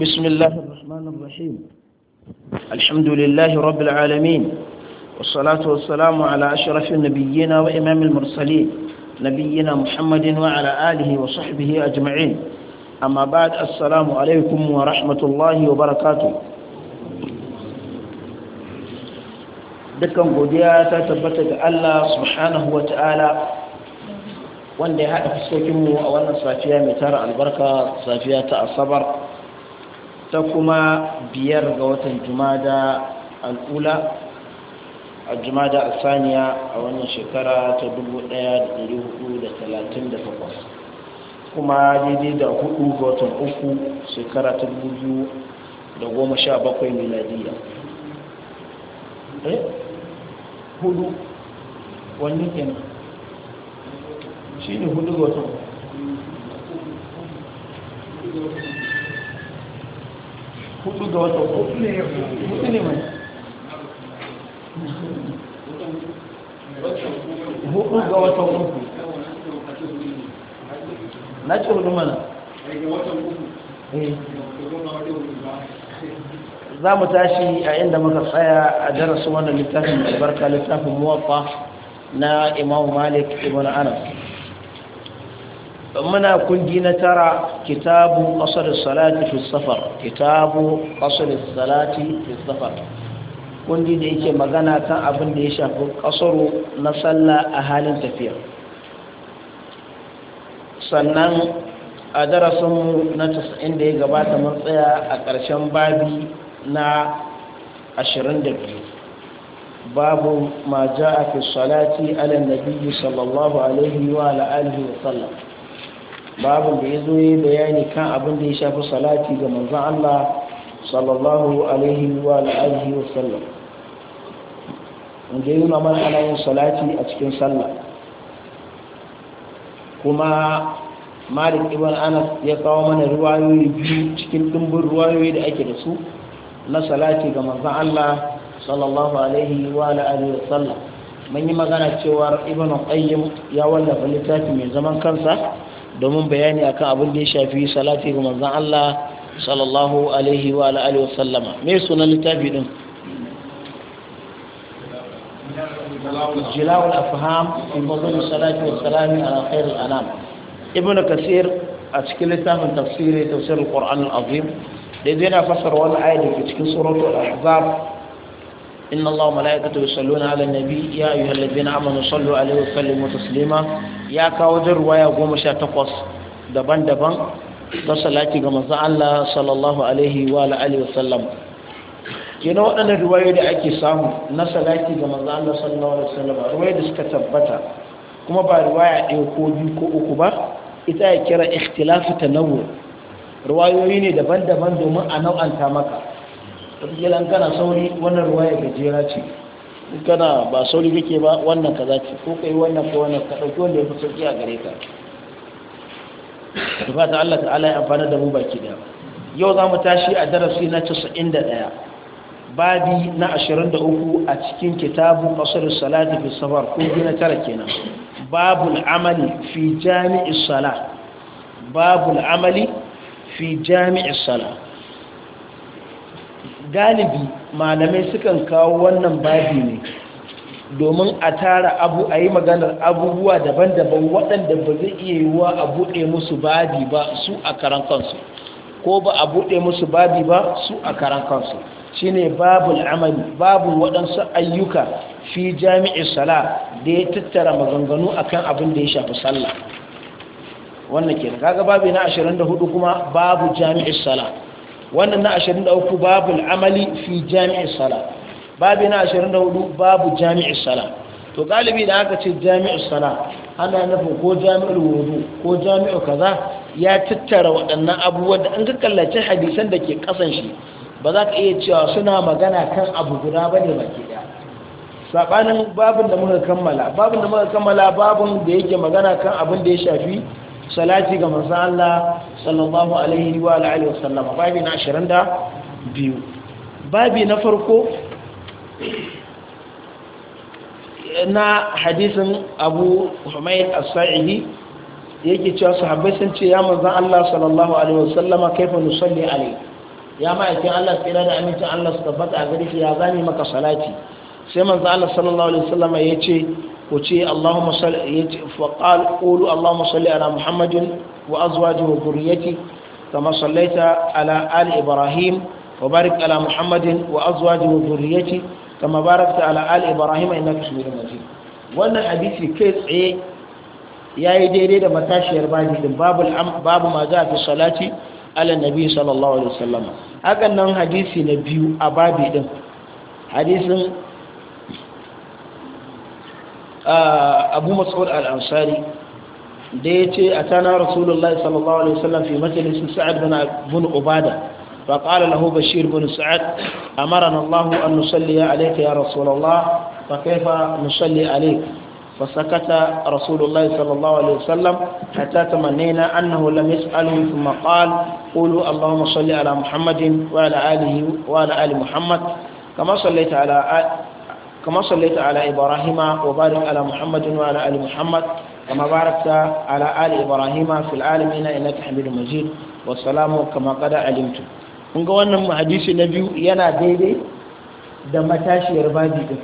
بسم الله الرحمن الرحيم الحمد لله رب العالمين والصلاة والسلام على أشرف النبيين وإمام المرسلين نبينا محمد وعلى آله وصحبه أجمعين أما بعد السلام عليكم ورحمة الله وبركاته دكم godiya ta الله سبحانه وتعالى وان wa ta'ala wanda ya haɗa fuskokinmu البركة wannan safiya mai ta kuma biyar ga watan jumada al'ula a jumada a saniya a wannan shekara ta 1438 kuma daidai da hudu ga watan uku shekara ta 2017 miladiya eh hudu wani kenan shi ne hudu ga watan hudu ga wata hudu ne hudu ne mai hudu ga wata hudu na ce hudu mana eh. za mu tashi a inda muka tsaya a darasin wannan littafin albarka littafin muwafa na Imam malik ibn anas muna kungi na tara kitabu qasr salati fi safar kitabu qasr salati fi safar kundi da yake magana kan abin da ya shafi ƙasaru na sallah a halin tafiya sannan a darasin mu na 90 da ya gabata mun tsaya a ƙarshen babi na 22 ma ما جاء في الصلاة على النبي صلى الله عليه وعلى wa وسلم babin da ya zo yi bayani kan abin da ya shafi salati ga manzan Allah sallallahu alaihi wa alihi wa sallam wanda ya nuna mana ana yin salati a cikin sallah kuma malik ibn anas ya kawo mana ruwayoyi biyu cikin dimbin ruwayoyi da ake da su na salati ga manzan Allah sallallahu alaihi wa alihi wa sallam mun yi magana cewa ibn qayyim ya wallafa littafi mai zaman kansa domin bayani akan abin da ya shafi salati ga manzon Allah sallallahu alaihi wa alihi wa sallama me sunan littafi din jilawul afham fi mawdu' salati wa salami ala khair al-anam ibnu kasir a cikin littafin tafsiri tafsir al-qur'an al-azim da yana fassara wannan ayat da cikin suratul ahzab إن الله وملائكته يصلون على النبي يا أيها الذين آمنوا صلوا عليه وسلموا تسليما يا كاودر ويا قوم شاتقص دبان دبان وصلاتي كما الله صلى الله عليه وآله وسلم kenan waɗannan ruwayoyi da ake samu na salati ga manzo Allah sallallahu alaihi wasallam ruwaye da suka tabbata kuma ba ruwaya ɗaya ko biyu ko uku ba ita ya kira ikhtilafu tanawwu ruwayoyi ne daban-daban domin a nau'anta maka wataƙila in kana sauri wannan ruwaya gajera ce in kana ba sauri kake ba wannan za ce ko kai wannan ko wannan ka ɗauki wanda ya fi sauki a gare ka da fata Allah ta'ala ya amfana da mu baki da yau za mu tashi a darasi na 91 babi na 23 a cikin kitabu qasr salati fi safar ko gina tara kenan babul amali fi jami'i sala babul amali fi jami'i sala. galibi malamai sukan kawo wannan babi ne domin a tara abu a yi maganar abubuwa daban-daban waɗanda ba zai iya yi wa a buɗe musu babi ba su a karan kansu ko ba a buɗe musu babi ba su a karan kansu shine babul amali babul waɗansu ayyuka fi jami'i sala da ya tattara maganganu akan abin da ya shafi sallah wannan kenan kaga babu na 24 kuma babu jami'i sala wannan na 23 babu al'amali fi jami'in sala babu na 24 babu jami'in sala to galibi da aka ce jami'in sala ana nufin ko jami'ul wudu ko jami'u kaza ya tattara waɗannan abubuwan da an ka kallace hadisan da ke kasan shi ba za ka iya cewa suna magana kan abu guda bane baki daya sabanin babun da muka kammala babun da muka kammala babun da yake magana kan abin da ya shafi salati ga manzon Allah sallallahu alaihi wa alihi wasallama babi na 22 babi na farko na hadisin Abu Humayd as-Sa'idi yake cewa sahabbai sun ce ya mazan Allah sallallahu alaihi wasallama kaifa nusalli alaihi ya ma'aikin Allah tsira da amincin Allah su tabbata a gare shi ya zani maka salati sai mazan Allah sallallahu alaihi ya ce. ku ce Allahumma salli yace ala Muhammadin wa azwajihi wa dhurriyyati ala ali Ibrahim wa ala Muhammadin wa azwajihi wa dhurriyyati ala Ibrahim wannan hadisi kai tsaye yayi daidai da matashiyar babi din babu babu ma za fi salati ala nabi sallallahu alaihi wasallam hakan nan hadisi na biyu a babi din hadisin abu mas'ud al-ansari da ya ce a tana rasulullah sallallahu alaihi wasallam fi majalisin sa'ad bin ubada fa qala lahu bashir bin sa'ad amarana allah an nusalli alayka ya rasulullah fa kayfa nusalli alayka فسكت رسول الله صلى الله عليه وسلم حتى تمنينا أنه لم يسأله ثم قال قولوا اللهم صل على محمد وعلى آله وعلى آل muhammad kama صليت ala. كما صليت على إبراهيم وبارك على محمد وعلى آل محمد كما باركت على آل إبراهيم في العالمين إنك حميد مجيد والسلام كما قد علمت kun ga wannan hadisi na biyu yana daidai da matashiyar babi din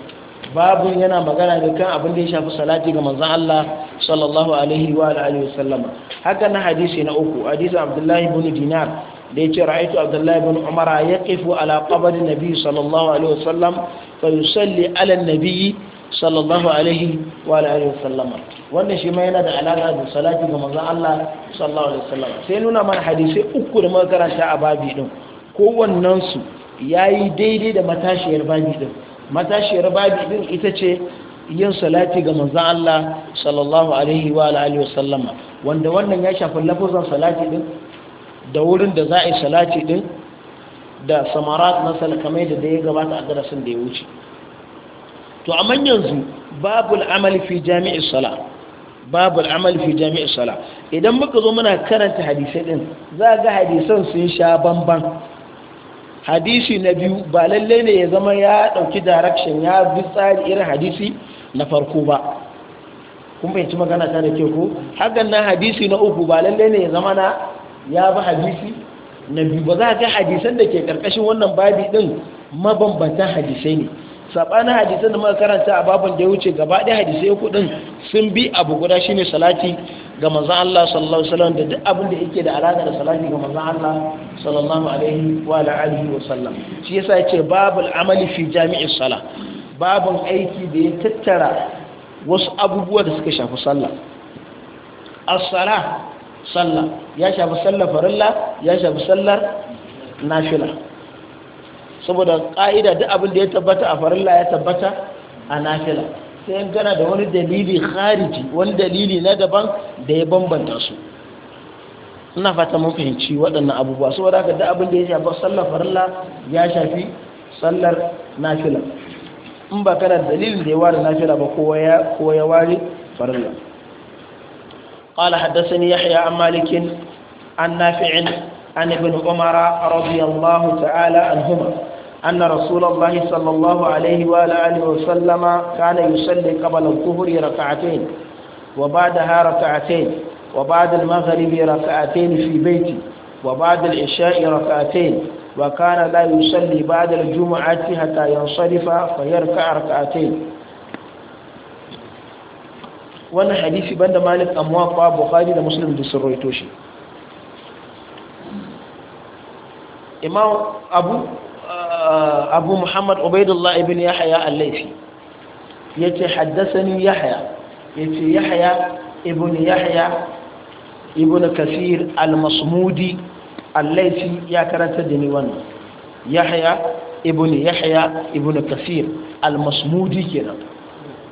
babu yana magana ne kan abin da ya shafi salati ga Manzan Allah sallallahu alaihi wa na hadisi na uku hadisi Abdullahi ibn Dinar da yace ra'aytu abdullahi ibn umar yaqifu ala qabri nabi sallallahu alaihi wasallam fa yusalli ala nabi sallallahu alaihi wa alihi wasallam wannan shi ma yana da alaka da salati ga manzon Allah sallallahu alaihi wasallam sai nuna mana hadisi uku da muka karanta a babi din kowannen su yayi daidai da matashiyar babi din matashiyar babi din ita ce yin salati ga manzon Allah sallallahu alaihi wa alihi wasallama wanda wannan ya shafi lafazan salati din da wurin da za a yi salati din da samarat na salkamai da ya gabata a darasin da ya wuce to amma yanzu babu al'amali fi jami'i sala babu al'amali fi jami'i sala idan muka zo muna karanta hadisai din za ga hadisan sun sha bamban hadisi na biyu ba lalle ne ya zama ya dauki direction ya bi tsari irin hadisi na farko ba kun fahimci magana ta da ke ko hakan na hadisi na uku ba lalle ne ya zama na ya ba hadisi na biyu ba za ka hadisan da ke karkashin wannan babi din mabambantan hadisai ne sabanin hadisan da muka karanta a babin da ya wuce gaba ɗaya hadisai uku din sun bi abu guda shine salati ga manzon Allah sallallahu alaihi wasallam da duk abin da yake da alaka da salati ga manzon Allah sallallahu alaihi wa alihi wa sallam shi yasa yace babul amali fi jami'i salah babun aiki da ya tattara wasu abubuwa da suka shafi sallah as-salah sallah ya shafi sallar farilla ya shafi sallar nafila saboda ƙa'ida duk abin da ya tabbata a farilla ya tabbata a nafila sai in gana da wani dalili khariji wani dalili na daban da ya bambanta su ina fata mun fahimci waɗannan abubuwa saboda haka duk abin da ya shafi sallar farilla ya shafi sallar nafila in ba kana dalilin da ya ware nafila ba kowa ya ware farilla قال حدثني يحيى عن مالك عن نافع عن ابن عمر رضي الله تعالى عنهما أن رسول الله صلى الله عليه وآله وسلم كان يصلي قبل الظهر ركعتين وبعدها ركعتين وبعد المغرب ركعتين في بيتي وبعد العشاء ركعتين وكان لا يصلي بعد الجمعة حتى ينصرف فيركع ركعتين wannan hadisi banda malik amwafa bukhari da muslim da sun rawaito shi imam abu uh, abu muhammad ubaidullah ibn yahya al-laifi yace haddathani yahya yace yahya ibn yahya ibn kasir al-masmudi al-laifi ya karanta da ni wannan yahya ibn yahya ibn kasir al-masmudi kenan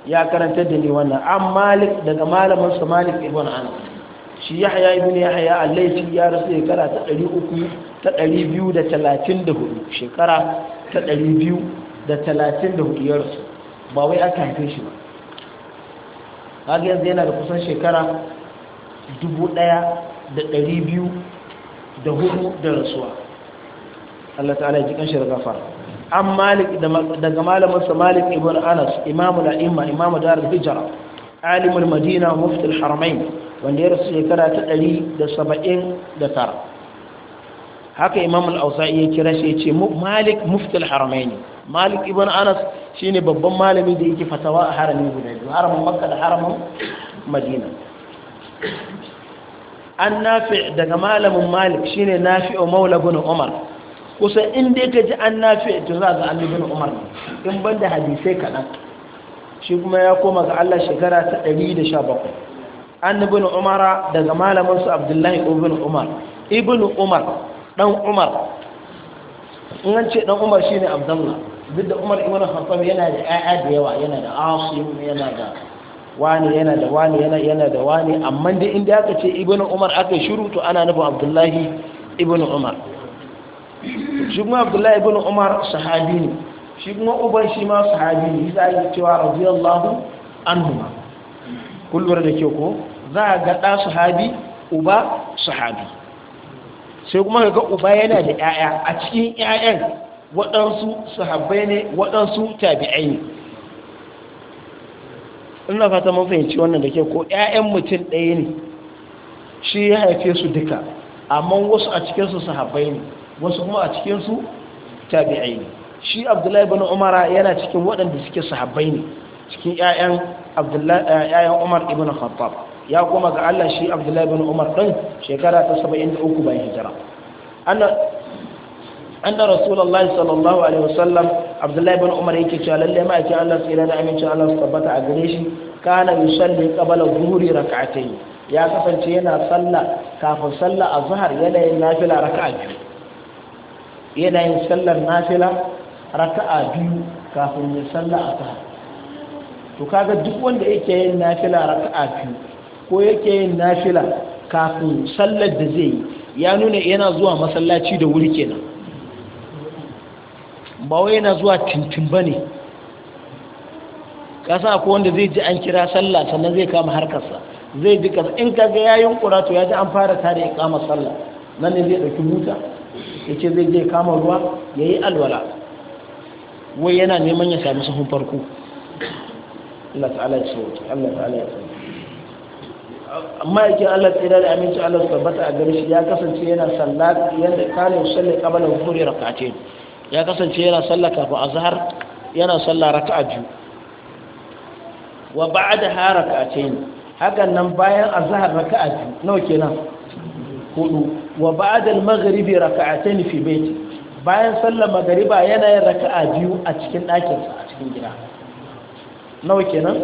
ya karanta da ni wannan an malik daga malamin su malik ibn anas shi yahya ibn yahya al-laythi ya rasu shekara ta 300 ta 234 shekara ta 234 ya rasu ba wai aka haife shi ba har yanzu yana da kusan shekara 1200 da hudu da rasuwa Allah ta'ala ya ji kanshi da gafara an malik daga malaminsa malik ibn anas imamu la'imma imamu darar hijira alimul madina muftul haramain wanda ya rasu shekara ta ɗari 179 haka imam al-ausa'i ya kira shi ya ce malik muftul haramain malik ibn anas shi ne babban malami da yake fatawa a haramin guda biyu haramin makka da haramin madina an nafi daga malamin malik shine nafi'u maula bin umar kusan in dai ka ji an nafi to za ga annabin umar in ban da hadisai kaɗan shi kuma ya koma ga allah shekara ta 117 annabin umara daga su abdullahi ibn umar ibn umar dan umar in an ce dan umar shine abdullah duk da umar ibn khattab yana da ƴaƴa da yawa yana da asim yana da wani yana da wani yana yana da wani amma dai inda aka ce ibn umar aka shiru to ana nufin abdullahi ibn umar shi kuma abdullahi ibn umar sahabi ne shi kuma uban shi ma sahabi ne za a yi cewa radiyallahu annuma. kullum da ke ko za a gada ɗa sahabi uba sahabi sai kuma ga uba yana da 'ya'ya a cikin 'ya'yan waɗansu sahabbai ne waɗansu tabi'ai ne ina fata mun fahimci wannan da ke ko 'ya'yan mutum ɗaya ne shi ya haife su duka amma wasu a cikinsu sahabbai ne wasu kuma a cikinsu tabi'ai ne shi abdullahi bin umara yana cikin waɗanda suke sahabbai ne cikin 'ya'yan eh, umar ibn khattab ya kuma ga allah shi abdullahi bin umar ɗin shekara ta 73 bayan hijira anna Rasulallah sallallahu alaihi wasallam abdullahi bin umar yake cewa lalle ma Allah tsira da aminci Allah su tabbata a gare shi kana yusalli qabala zuhri rak'atayn ya kasance yana sallah kafin sallah azhar yana yin nafila raka biyu yana yin sallar nafila raka'a biyu kafin ya salla azhar to kaga duk wanda yake yin nafila raka'a biyu ko yake yin nafila kafin sallar da zai yi ya nuna yana zuwa masallaci da wuri kenan ba wai yana zuwa tintin bane kasa ko wanda zai ji an kira sallah sannan zai kama harkarsa zai ji in kaga yayin kura to ya ji an fara tare ya kama sallah nan ne zai ɗauki wuta. ya ce zai je kama ruwa ya yi alwala wai yana neman ya sami sahun farko Allah ta'ala ya sauke Allah ta'ala ya sauke amma yake Allah tsira da aminci Allah tabbata a gari shi ya kasance yana sallah yanda kana yusalli qabla dhuhri rak'atayn ya kasance yana sallah kafin azhar yana sallah a biyu wa ba'da ha rak'atayn hakan nan bayan azhar a biyu nawa kenan hudu wa ba'da al-maghrib raka'atayn fi baiti bayan sallar magariba yana yin raka'a biyu a cikin ɗakin a cikin gida nawa kenan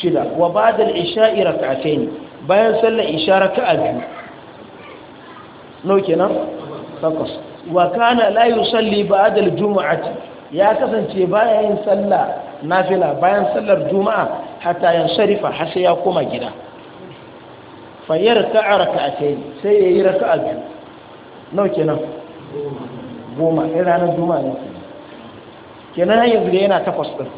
shida wa ba'da al-isha'i raka'atayn bayan sallar isha raka'a biyu nawa kenan takwas wa kana la yusalli ba'da al ya kasance baya yin sallah nafila bayan sallar juma'a hatta yan sharifa har sai ya koma gida fayyar ka'a raka'atayn sai ya yi raka a biyu nau kenan goma ya ranar duma ne kenan har yanzu yana takwas ɗin.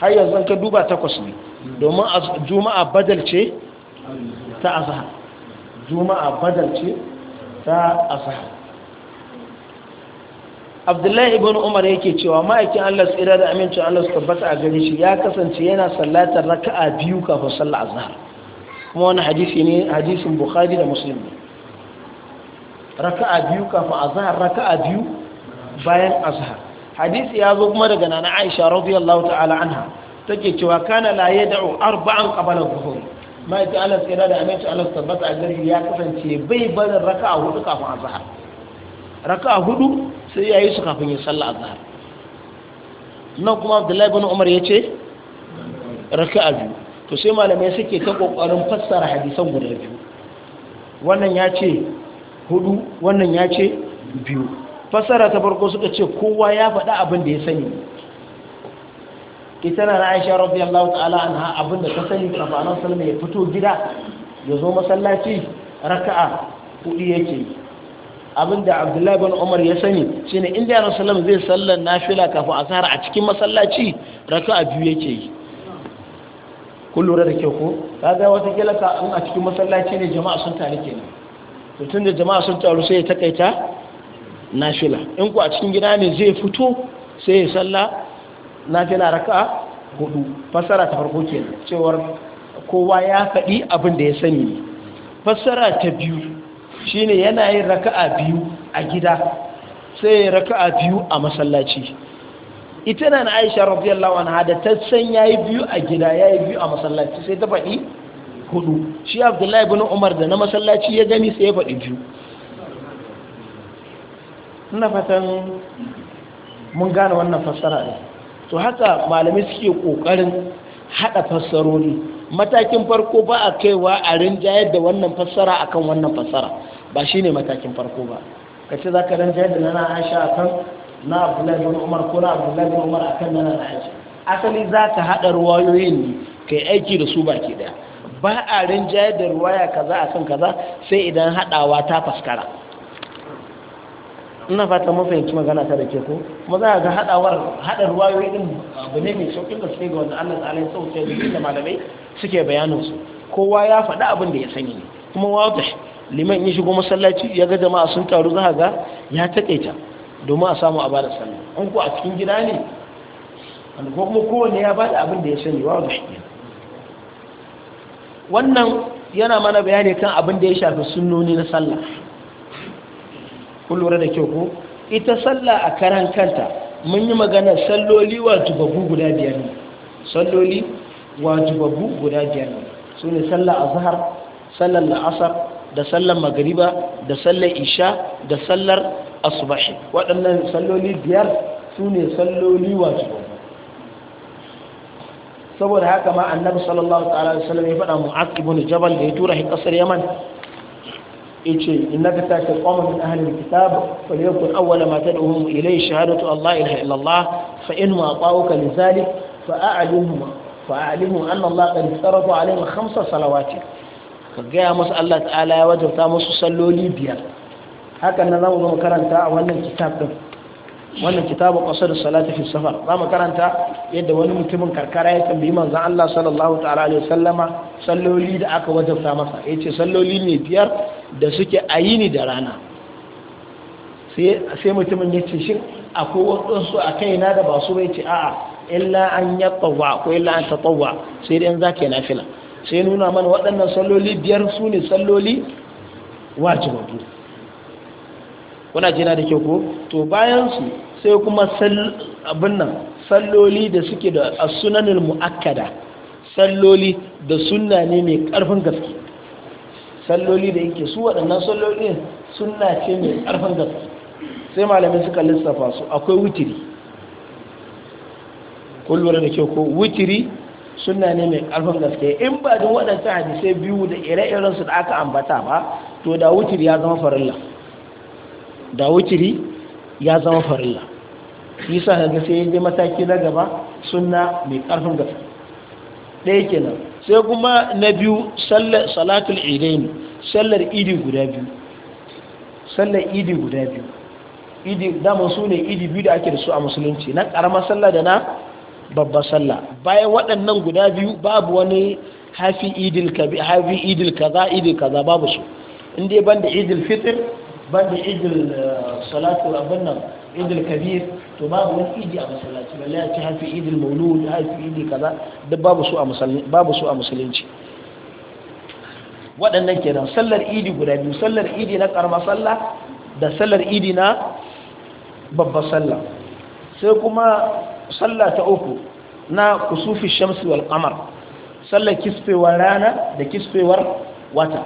har yanzu ka duba takwas ne domin a juma'a badalce ce ta azhar juma'a badalce ce ta azhar abdullahi ibn umar yake cewa ma'aikin allah tsira da amincin allah su tabbata a gari shi ya kasance yana sallatar raka'a biyu kafin sallar azhar kuma wani hadisi ne hadisin bukhari da muslim raka'a biyu kafin azhar raka'a biyu bayan azhar hadisi ya zo kuma daga nana aisha radiyallahu ta'ala anha take cewa kana la yad'u arba'an qabla dhuhur ma yati Allah sai da aminci Allah tabbata a gari ya kasance bai barin raka'a hudu kafin azhar raka'a hudu sai yi su kafin ya salla azhar nan kuma Abdullahi ibn Umar yace raka'a biyu to sai malamai suke ta kokarin fassara hadisan guda biyu wannan ya ce hudu wannan ya ce biyu fassara ta farko suka ce kowa ya faɗa abin da ya sani ita na Aisha allah ta'ala ha abin da ta sani kafanan salma ya fito gida ya zo masallaci raka'a hudu yake abin da Abdullahi bin Umar ya sani shine inda Annabi sallallahu zai sallar nafila kafin asar a cikin masallaci raka'a biyu yake yi kun lura da kyau ko kaga wata kila ka in a cikin masallaci ne jama'a sun taru kenan to tun da jama'a sun taru sai ya takaita nafila in ku a cikin gida ne zai fito sai ya salla nafila raka'a hudu fassara ta farko kenan cewar kowa ya faɗi abin da ya sani ne fassara ta biyu shine yana yin raka'a biyu a gida sai raka'a biyu a masallaci ita na na aisha radiyallahu anha da ta san yayi biyu a gida yayi biyu a masallaci sai ta faɗi hudu shi abdullahi ibn umar da na masallaci ya gani sai ya faɗi biyu ina fatan mun gane wannan fassara ne to haka malamai suke kokarin hada fassaroli matakin farko ba a kaiwa a rinjayar da wannan fassara akan wannan fassara ba shine matakin farko ba kace zaka rinjayar da nana Aisha akan na abdullahi bin umar ko na abdullahi bin umar akan nan na aisha asali za ka haɗa ruwayoyin ne ka yi aiki da su baki ɗaya ba a rinjayar da ruwaya kaza akan kaza sai idan haɗawa ta faskara ina fata mun fahimci magana ta da ke ko kuma za ga haɗawar haɗa ruwayoyi din abu ne mai saukin gaske ga wanda Allah ta'ala ya sauke da inda malamai suke bayanin su kowa ya faɗi abin da ya sani ne kuma wata liman ya shigo masallaci ya ga jama'a sun taru za ga ya taƙaita domin a samu a bada sallah an ku a cikin gida ne ko kuma kowanne ya bada abin da ya sani wa da shi wannan yana mana bayani kan abin da ya shafi sunnoni na sallah kun lura da kyau ko ita sallah a karan kanta mun yi magana salloli wajibabu guda biyar ne salloli wajibabu guda biyar ne su ne sallah azhar sallar la'asar da sallar magariba da sallar isha da sallar asubashi waɗannan salloli biyar su ne salloli wasu saboda haka ma annabi sallallahu ta'ala alaihi wasallam ya faɗa mu'az ibn jabal da ya tura shi kasar yaman yace innaka ta'ti qawman min ahli alkitab falyakun awwala ma tad'uhum ilayhi shahadatu allah ilaha illa allah fa in ma ata'uka lidhalik fa'alimhum fa'alimhum anna allah qad farada alaihim khamsa salawati ka gaya musu allah ta'ala ya wajabta musu salloli biyar hakan za zamu zo karanta a wannan kitab din wannan kitabu qasar salati fi safar zamu karanta yadda wani mutumin karkara ya tambayi manzon Allah sallallahu ta'ala alaihi wasallama salloli da aka wajabta masa ce salloli ne biyar da suke ayini da rana sai mutumin mutumin yace shin akwai wasu a kaina da ba su bai ce a'a illa an yatawwa ko illa an tatawwa sai dai in zaka nafila sai nuna mana waɗannan salloli biyar su ne salloli wajibabu kuna jina da kyau ko to bayan su sai kuma abin nan salloli da suke da asunanin mu'akkada salloli da sunna ne mai karfin gaske salloli da yake su waɗannan salloli sunna ce mai karfin gaske sai malamai suka lissafa su akwai wutiri kullum da kyau ko wutiri sunna ne mai karfin gaske in ba duk waɗancan hadisai biyu da ire-irensu da aka ambata ba to da wutiri ya zama farilla da wutiri ya zama farilla yasa ga sai yaje mataki na gaba sunna mai karfin gaske ɗaya kenan sai kuma na biyu salatul idain sallar idi guda biyu sallar idi guda biyu idi dama su ne idi biyu da ake da su a musulunci na karamar sallah da na babbar sallah bayan waɗannan guda biyu babu wani hafi idil kaza idil kaza babu su in dai da idil fitr ban da idil salatu abin nan idil kabir to babu wani idi a masallaci balle a ci haifi idil maulud haifi idi kaza duk babu su a musulunci waɗannan kenan sallar idi guda biyu sallar idi na karma sallah da sallar idi na babbar sallah sai kuma sallah ta uku na kusufi shamsi wal qamar sallar kisfewar rana da kisfewar wata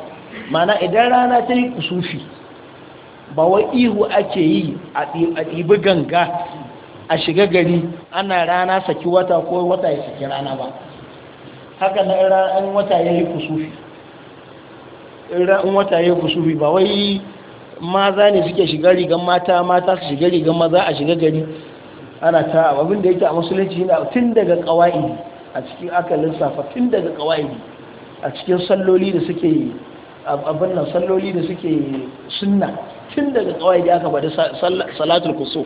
mana idan rana ta yi kusufi ba wai ihu ake yi a ɗibi ganga a shiga gari ana rana saki wata ko wata ya saki rana ba haka na ran wata ya yi kusufi in wata ya yi kusufi ba wai maza ne suke shiga rigar mata mata su shiga rigar maza a shiga gari ana ta abin da yake a musulunci yana tun daga kawai a cikin akalin safa tun daga kawai a cikin salloli da suke abin nan salloli da suke sunna tun daga kawai aka bada salatul kuso,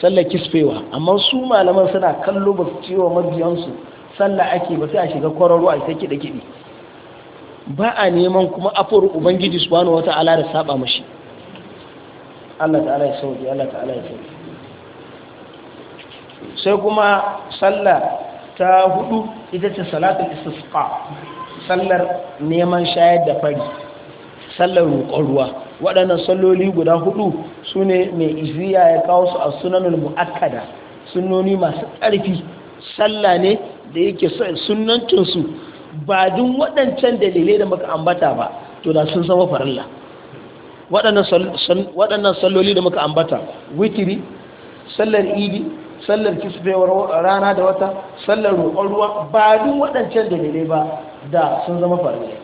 sallar kisfewa amma su malaman suna kallo ba su cewa mabiyansu sallar ake ba sai a shiga kwararo a sai kiɗe kiɗe ba a neman kuma afuwar ubangiji su wata ala da saba mashi Allah ta'ala ya sauki Allah ta'ala ya sauki sai kuma sallar ta hudu ita ce salatul istisqa sallar neman shayar da fari sallar roƙon ruwa waɗannan salloli guda hudu su ne mai iziya ya kawo su a sunanul mu'akkada sunnoni masu ƙarfi salla ne da yake sunnancinsu ba dun waɗancan dalilai da muka ambata ba to da sun zama farilla waɗannan salloli da muka ambata witiri sallar idi sallar kisfewar rana da wata sallar roƙon ruwa ba dun waɗancan dalilai ba da sun zama farilla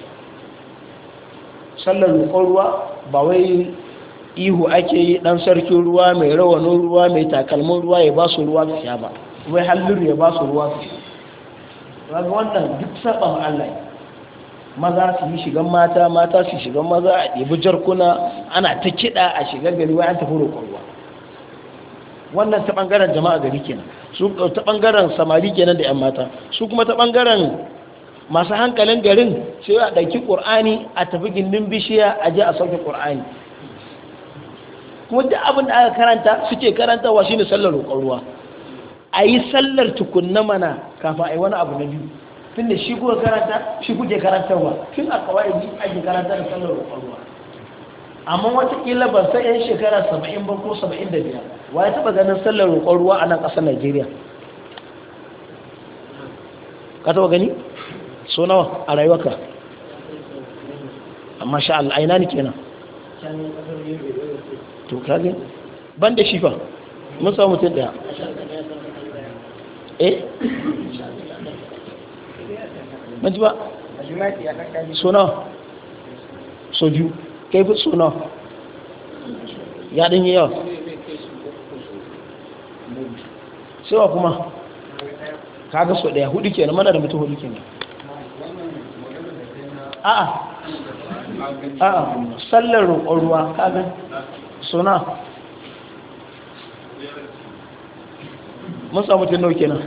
sallar roƙon ruwa ba wai ihu ake yi dan sarkin ruwa mai rawanin ruwa mai takalmin ruwa ya ba su ruwa su ba wai halliru ya ba su ruwa su sha wannan duk saba Allah maza su yi shigan mata mata su shigan maza a ɗebi jarkuna ana ta kiɗa a shigar gari wai an tafi roƙon ruwa wannan ta ɓangaren jama'a gari kenan su ta ɓangaren samari kenan da 'yan mata su kuma ta ɓangaren masu hankalin garin sai a ɗauki ƙur'ani a tafi gindin bishiya a je a sauke ƙur'ani kuma duk abin da aka karanta suke karantawa shine sallar roƙon ruwa a yi sallar tukunna mana kafin a yi wani abu na biyu tun da shi kuka karanta shi kuke karantarwa tun a kawai ake karanta da sallar roƙon ruwa amma watakila ban san yan shekara saba'in ba ko saba'in da biyar wa ya taɓa ganin sallar roƙon ruwa a nan ƙasar najeriya ka taɓa gani so nawa a rayuwarka amma sha Allah aina ne kenan to kage ban da shifa mun samu mutum daya eh ban ji ba so nawa so biyu kai fi so nawa ya ɗin yi yawa sai wa kuma kaga so ɗaya hudu kenan mana da mutum hudu kenan a'a a'a sallar roƙon ruwa kaga suna mun samu tun nauke nan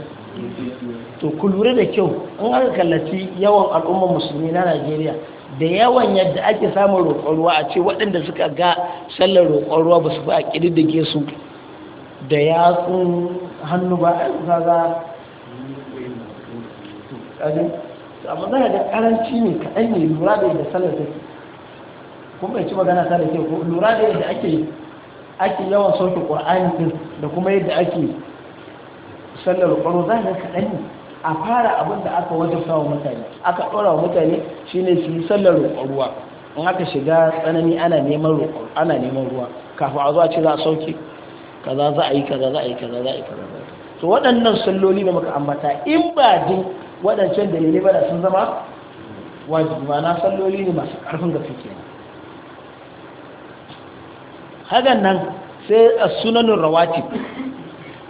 to ku lura da kyau in aka kallaci yawan al'ummar musulmi na najeriya da yawan yadda ake samun roƙon ruwa a ce waɗanda suka ga sallar roƙon ruwa ba su ba a ƙididdige su da yatsun hannu ba a yi kusa za to amma za ga karanci ne kaɗan ne lura da yadda sallar take kuma bai ci magana ta da ke ko lura da yadda ake ake yawan sauke qur'ani din da kuma yadda ake sallar ƙwaro za ga kaɗan ne a fara abin da aka wajabta wa mutane aka ɗora wa mutane shi ne su yi sallar ruwa in aka shiga tsanani ana neman roƙon ana neman ruwa kafin a zuwa ce za a sauke kaza za a yi kaza za a yi kaza za a yi kaza to waɗannan salloli da muka ambata in ba din waɗancan dalilai ba sun zama wajibi ma na salloli ne masu ƙarfin suke kenan hakan nan sai a sunanin rawati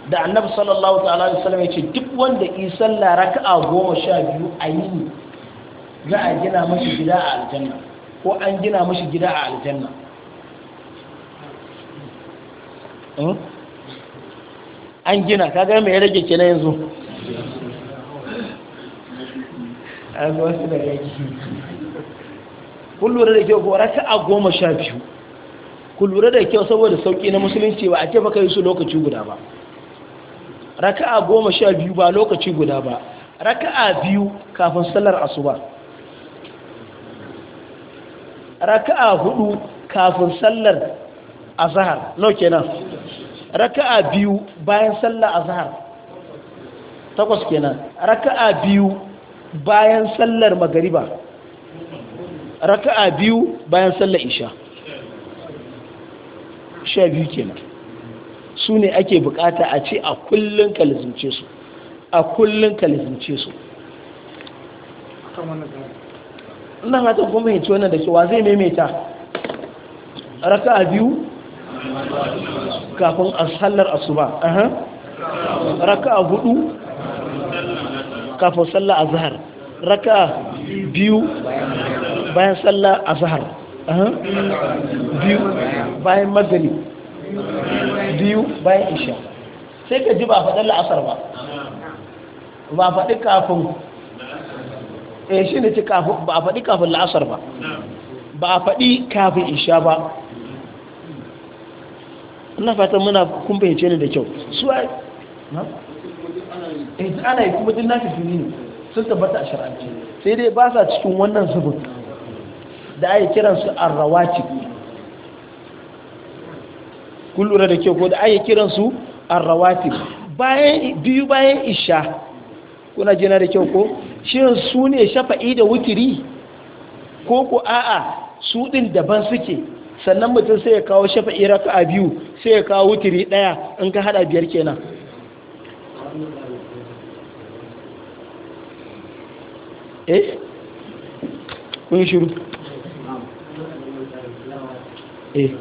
da annabi sallallahu ta'ala da salama ya ce duk wanda isan laraka a goma sha biyu a yi ne za a gina mashi gida a aljanna ko an gina mashi gida a aljanna hmm? an gina kaga mai rage kenan yanzu a yanzu wasu da yaki kun lura da kyau ko raka a goma sha biyu kun lura da kyau saboda sauƙi na musulunci ba a ce baka yi su lokaci guda ba raka a goma sha biyu ba lokaci guda ba raka a biyu kafin sallar asuba raka a hudu kafin sallar azahar nau kenan raka a biyu bayan sallar azahar takwas kenan raka a biyu bayan sallar magariba raka'a biyu bayan sallar isha sha biyu kenan su ne ake bukata a ce a kullum ka su a kullun ka su ina hata kuma yanci wannan da cewa zai maimaita raka'a biyu kafin a sallar asuba raka'a hudu kafin sallah azhar raka biyu bayan sallah azhar biyu bayan magani biyu bayan isha sai ka ji ba faɗin la'asar ba ba faɗi kafin eh shi ne ci kafin ba a faɗi kafin la'asar ba ba a faɗi kafin isha ba ina fatan muna kun ne da kyau su a eh ana yi kuma duk na kafiri ne sun tabbata a shar'anci sai dai ba sa cikin wannan zubin da ake kiransu arrawaci kun lura da kyau ko da ake kiransu arrawati bayan biyu bayan isha kuna jina da kyau ko shin su ne shafa'i da wukiri? ko ko a'a su din daban suke sannan mutum sai ya kawo shafa'i a biyu sai ya kawo wutiri ɗaya in ka hada biyar kenan eh kun yi shiru eh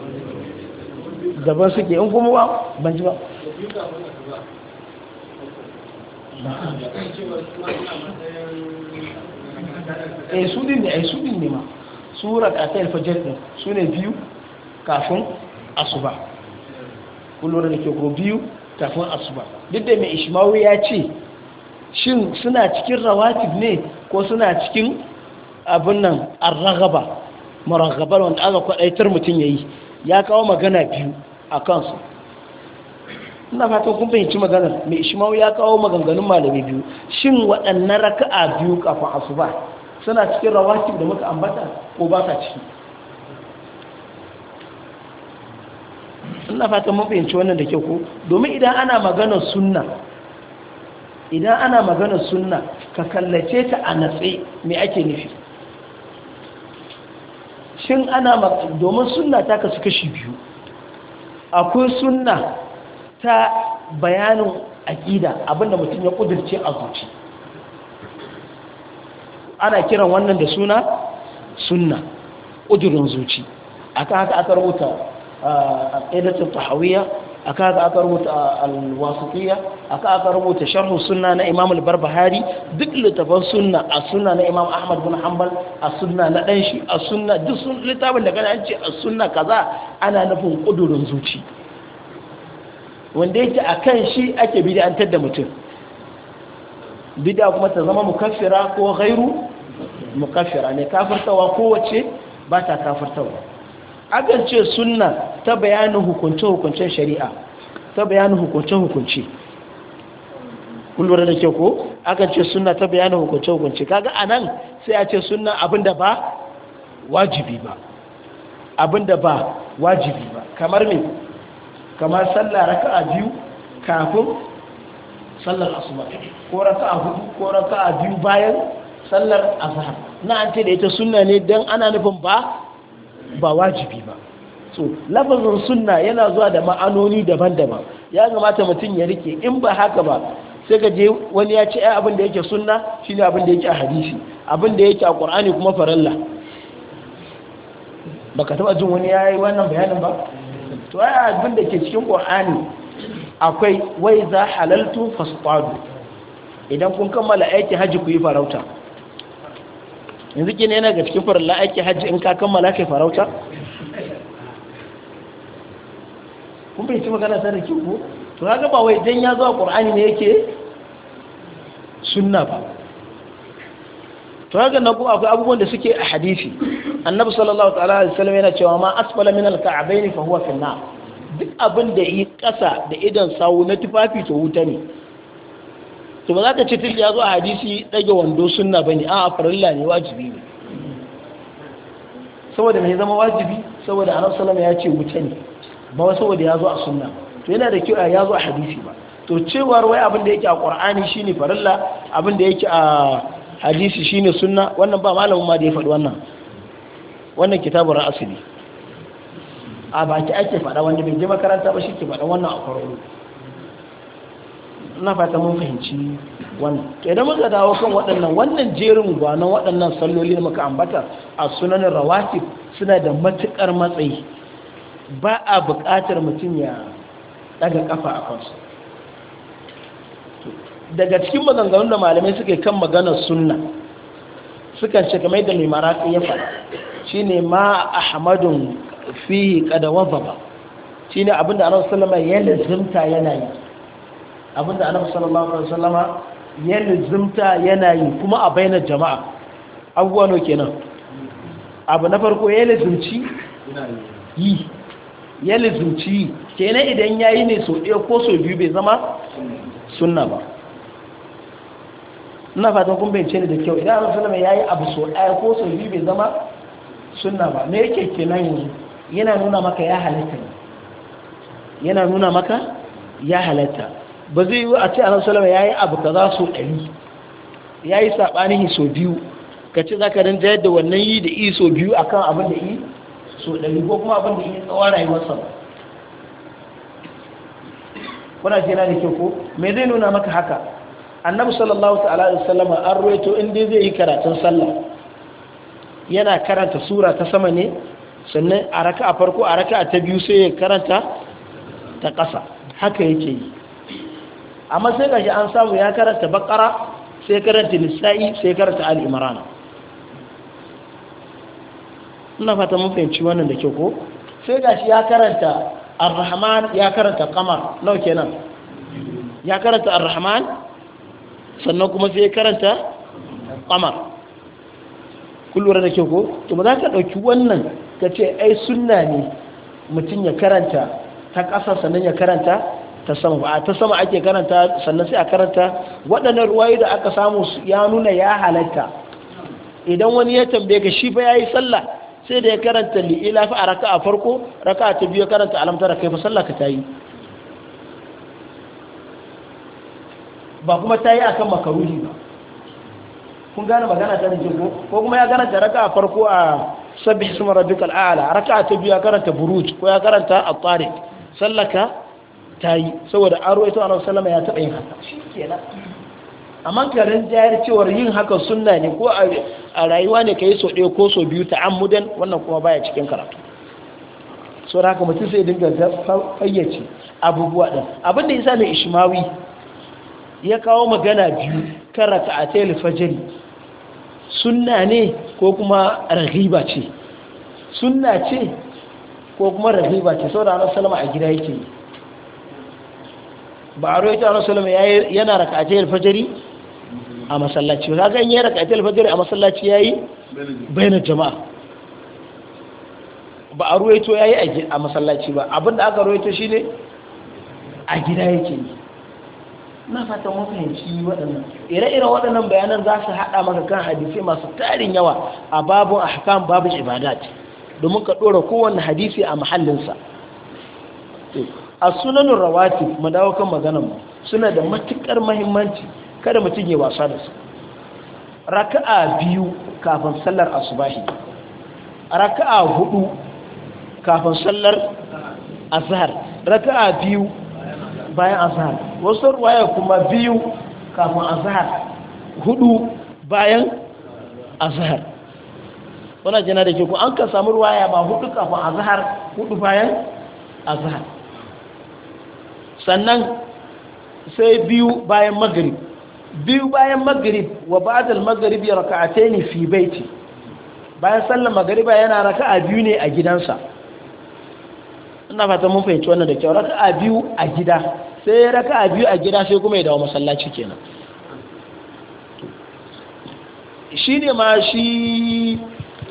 gaban suke in kuma ba ban ji ba eh su din ne ai eh, su din ne ma sura da ta alfajr ne su ne biyu kafin asuba kullum da ke ko biyu kafin asuba duk da mai ishmawi ya ce shin suna cikin rawatib ne ko suna cikin abin nan arragaba maragabar wanda aka kwadaitar mutum ya yi ya kawo magana biyu a kansu ina fatan kun fahimci magana. mai ishimawu ya kawo maganganun malami biyu shin waɗannan raka'a biyu kafin asuba suna cikin rawatib da muka ambata ko ba sa ciki ina fatan mun fahimci wannan da kyau ko domin idan ana maganar sunna idan ana magana sunna ka kallace ta a natse me ake nufi shin ana domin sunna ta kasu kashi biyu akwai sunna ta bayanin aƙida abinda mutum ya ƙudurce a zuci ana kiran wannan da suna sunna ƙudurin zuci akan haka aka rubuta a ƙidatun tahawiyya aka ga aka rubuta al-wasitiyya aka aka rubuta sharhu sunna na imam al-barbahari duk littafan sunna a sunna na imam ahmad bin hanbal a sunna na dan shi a sunna duk sun littafin da kana ce a sunna kaza ana nufin kudurin zuci wanda yake akan shi ake bid'antar da mutum bid'a kuma ta zama mukaffira ko ghairu mukaffira ne kafirtawa kowace ba ta kafirtawa akan ce sunna ta bayanin hukunce-hukuncen shari'a ta bayanin hukunce-hukunce kullum da ke ko aka ce suna ta bayanin hukunce-hukunce kaga a nan sai a ce suna abinda ba wajibi ba abinda ba wajibi ba kamar mai kamar sallara raka a biyu kafin sallar asuba ko raka a hudu ko raka a biyu bayan sallar azhar na an ce da ita sunna ne don ana nufin ba ba wajibi ba so lafazin sunna yana zuwa da ma'anoni daban-daban ya kamata mutum ya rike in ba haka ba sai ka je wani ya ce ai abin da yake sunna shine abin da yake a hadisi abin da yake a qur'ani kuma faralla baka taba jin wani yayi wannan bayanin ba to ai abin da ke cikin qur'ani akwai wai za halaltu fasfadu idan kun kammala aiki haji ku yi farauta yanzu kina yana ga cikin faralla aiki haji in ka kammala kai farauta kun bai ci magana sanar da ki to ka ba wai dan ya zo Qur'ani ne yake sunna ba to kaga na ko akwai abubuwan da suke a hadisi annabi sallallahu ta'ala alaihi wasallam yana cewa ma asfala min al-ka'bayn fa huwa fi duk abin da yi kasa da idan sawu na tufafi to wuta ne to ba za ka ce tilli ya zo a hadisi dage wando sunna bane a farilla ne wajibi ne saboda mai zama wajibi saboda annabi sallallahu alaihi wasallam ya ce wuta ne ba wasu saboda ya zo a sunna to yana da kyau ya zo a hadisi ba to cewar wai abinda yake a shi ne farilla abinda yake a hadisi shi ne sunna wannan ba malamin ma da ya faɗi wannan wannan kitabun asiri. a baki ake faɗa wanda bai je makaranta ba shi ke faɗa wannan a ƙwararru. na fata mun fahimci wannan to idan muka dawo kan waɗannan wannan jerin gwanon waɗannan salloli da muka ambata a sunanin rawatib suna da matuƙar matsayi ba a buƙatar mutum ya daga ƙafa a kansu daga cikin maganganun da malamai suke kan maganar sunna sukan ce kamar da mai maraƙi ya faɗa shi ne ma ahmadun fi ƙadawan zaba shi ne abinda annabi sallama ya lizimta yana yi abinda annabi sallallahu sallama ya lizimta yana yi kuma a bayanar jama'a abubuwa no kenan abu na farko ya lizimci yi ya lizuci kenan idan ya yi ne sau ɗaya ko sau biyu bai zama suna ba na fatan kun bayyance ni da kyau idan annabi sallama ya yi abu sau ɗaya ko sau biyu bai zama suna ba na yake kenan yanzu yana nuna maka ya halitta yana nuna maka ya halitta ba zai yi a ce annabi sallama ya yi abu kaza so ɗari ya yi saɓanin sau biyu ka ce za ka rinjayar da wannan yi da sau biyu akan abin da yi so ɗari ko kuma abin da ya tsawon rayuwarsa ba kuna ce na da kyau ko me zai nuna maka haka annabi sallallahu ta'ala da sallama an ruwaito in zai yi karatun sallah yana karanta sura ta sama ne sannan a raka a farko a raka ta biyu sai ya karanta ta ƙasa haka yake yi amma sai gashi an samu ya karanta bakara sai karanta nisa'i sai karanta al'imrana ina fata mun fahimci wannan da ke ko sai gashi ya karanta ar-rahman ya karanta qamar nau kenan ya karanta ar-rahman sannan kuma sai ya karanta qamar kullura da ke ko to ba za ka dauki wannan ka ce ai sunna ne mutum ya karanta ta ƙasa sannan ya karanta ta sama ba ta sama ake karanta sannan sai a karanta waɗannan ruwayi da aka samu ya nuna ya halatta idan wani ya tambaye ka shi fa yayi sallah sai da ya karanta li'ila fi a raka a farko raka ta biyu karanta alamtara kai fa sallah ka tayi ba kuma tayi akan makaruhi ba kun gane magana ta nake ko ko kuma ya karanta a farko a sabbih suma rabbikal a'la raka ta biyu ya karanta buruj ko ya karanta a tariq sallaka tayi saboda ita ruwaito annabi sallama ya taɓa yin haka amma karin jayar cewar yin haka sunna ne ko a rayuwa ne ka yi so ɗaya ko so biyu ta amudan wannan kuma baya cikin karatu so da haka mutum sai dinga fayyace abubuwa ɗin abin da isa mai ishmawi ya kawo magana biyu karata a tayar fajiri sunna ne ko kuma rahiba ce sunna ce ko kuma rahiba ce sau da ana salama a gida yake ba a ta ana salama yana raka a tayar fajari a masallaci ba ga in yi ita fajr a masallaci yayi bayanan jama'a ba a ruwaito yayi a masallaci ba abinda aka ruwaito shine a gida yake yi na fata mun fahimci waɗannan ire-iren waɗannan bayanan za su haɗa maka kan hadisi masu tarin yawa a babun ahkam babu ibadat domin ka ɗora kowane hadisi a mahallinsa a sunanin rawatib mu dawo kan mu suna da matuƙar mahimmanci kada mutum ya wasa da su raka'a biyu kafin sallar asubahi raka'a hudu kafin sallar azhar raka'a biyu bayan azhar wasu ruwaya kuma biyu kafin azhar hudu bayan azhar wannan jana da ke ku an ka samu ruwaya ba hudu kafin azhar hudu bayan azhar sannan sai biyu bayan magrib biyu bayan magrib wa ba'dal magrib ya raka'ataini fi baiti bayan sallar magariba yana raka'a biyu ne a gidansa ina fata mun fahimci wannan da kyau raka'a biyu a gida sai raka'a biyu a gida sai kuma ya dawo masallaci kenan shine ma shi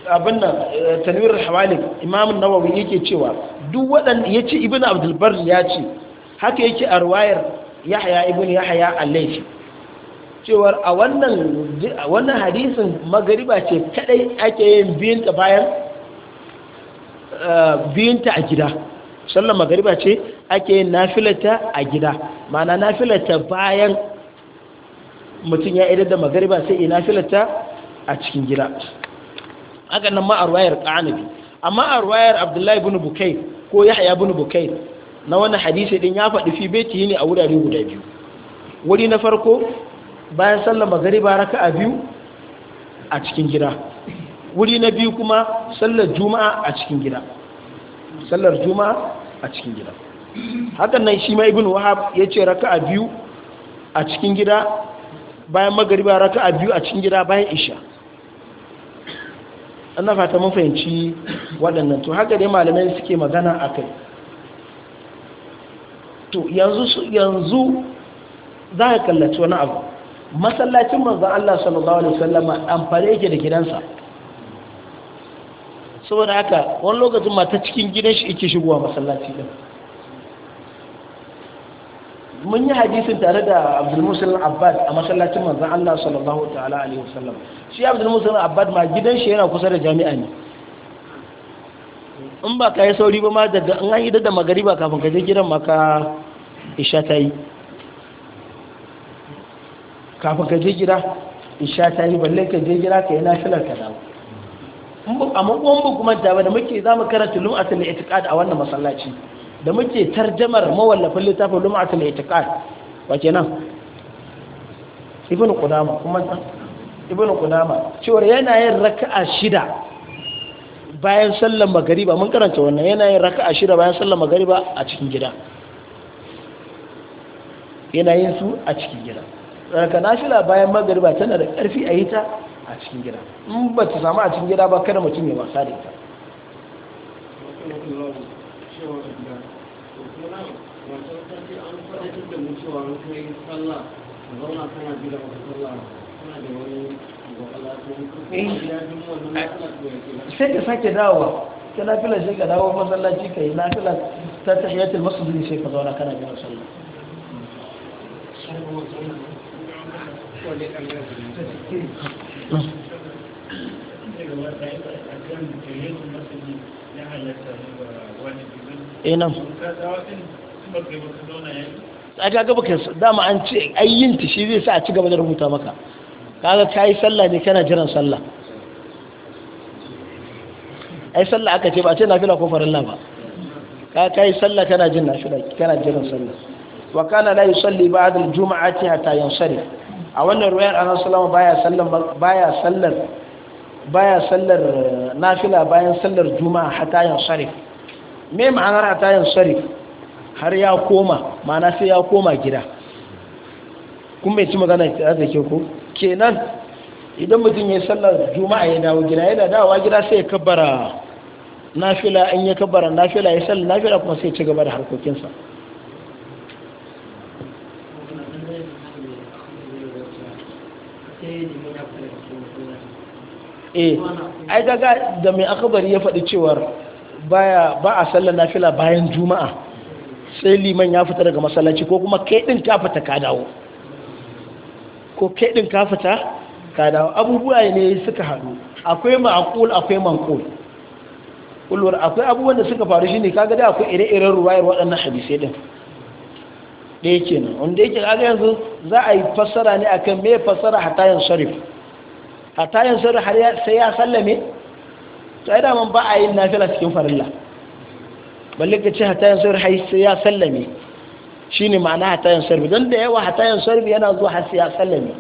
abin nan eh, tanwirar hawalik imamun nawawi yake cewa duk waɗanda ya ce ibn abdulbar ya ce haka yake a ruwayar yahaya ibn yahaya a laifi cewar a wannan wannan hadisin magariba ce kadai ake yin biyinta bayan eh, biyinta a gida sallar magariba ce ake yin nafilata a gida mana nafilata bayan mutum ya idar da magariba sai ina filata a cikin gida haka nan ma a ƙanabi amma a ruwayar abdullahi bin bukai ko yahya bin bukai na wannan hadisi din ya faɗi fi beti ne a wurare guda biyu wuri na farko bayan sallar magariba raka a biyu a cikin gida wuri na biyu kuma sallar juma'a a cikin gida sallar juma'a a cikin gida hakan nan shi ma ibn wahab ya ce raka a biyu a cikin gida bayan magariba raka a biyu a cikin gida bayan isha an na fata mun fahimci waɗannan to haka dai malamai suke magana a kai to yanzu yanzu za ka kallaci wani abu masallacin manzan Allah sallallahu alaihi wasallama amfani yake da gidansa saboda haka wani lokacin mata cikin gidan shi yake shigowa masallaci din mun yi hadisin tare da abdulmusul abbad a masallacin manzan Allah sallallahu ta'ala alaihi wasallam shi abdulmusul abbad ma gidan shi yana kusa da jami'a ne in ba ka yi sauri ba ma daga an yi da magariba kafin ka je gidan maka isha ta yi kafin ka je gida sha ta yi balle ka je gida ka yi nafilar ka dawo amma kuma ba kuma da da muke za mu karanta lum'atul itiqad a wannan masallaci da muke tarjamar mawallafin littafin lum'atul itiqad wa kenan Ibnu qudama kuma Ibnu qudama cewa yana yin raka'a shida bayan sallar magariba mun karanta wannan yana yin raka'a shida bayan sallar magariba a cikin gida yana yin su a cikin gida daga nafila bayan magariba tana da ƙarfi a yi ta a cikin gida in ba ta samu a cikin gida ba kada mutum ya wasa da ita sai ka sake dawowa ta nafila sai ka dawo masallaci ka yi nafila ta tahiyatul masjid sai ka zauna kana jira sallah ina a kaga kai dama an ce ayyinta shi zai sa a ci gaba da rubuta maka kaga ka yi sallah ne kana jiran sallah ai sallah aka ce ba ce fila ko farilla ba ka ka yi sallah kana jin na nafila kana jiran sallah wa kana la yusalli ba'da al-jum'ati hatta yansarif a wannan ruwayar annabi sallama baya sallar baya sallar eh, nafila bayan sallar juma'a hatta yan me ma'anar hatta yan har ya koma ma'ana sai ya koma gida kun bai ci magana ta da ke ko kenan idan mutum ya sallar juma'a ya dawo gida yana dawowa gida sai ya kabbara nafila in ya kabbara nafila ya sallar nafila kuma sai ya ci gaba da harkokinsa eh ai kaga da mai akabari ya faɗi cewar baya ba a sallar nafila bayan juma'a sai liman ya fita daga masallaci ko kuma kai din ka fita ka dawo ko kai din ka fita ka dawo abubuwa ne suka haɗu akwai ma'qul akwai manqul kullur akwai abubuwan da suka faru shine kaga da akwai ire-iren ruwayar waɗannan hadisai din da yake nan wanda yake kaga yanzu za a yi fassara ne akan me fassara hatayen sharif hatta yin sirri har sai ya sallame to ai daman ba a yin nafila cikin farilla balle ka ce hatta yin sirri har sai ya sallame shine ma'ana hatta yin sirri don da yawa hatta yin sirri yana zuwa har sai ya sallame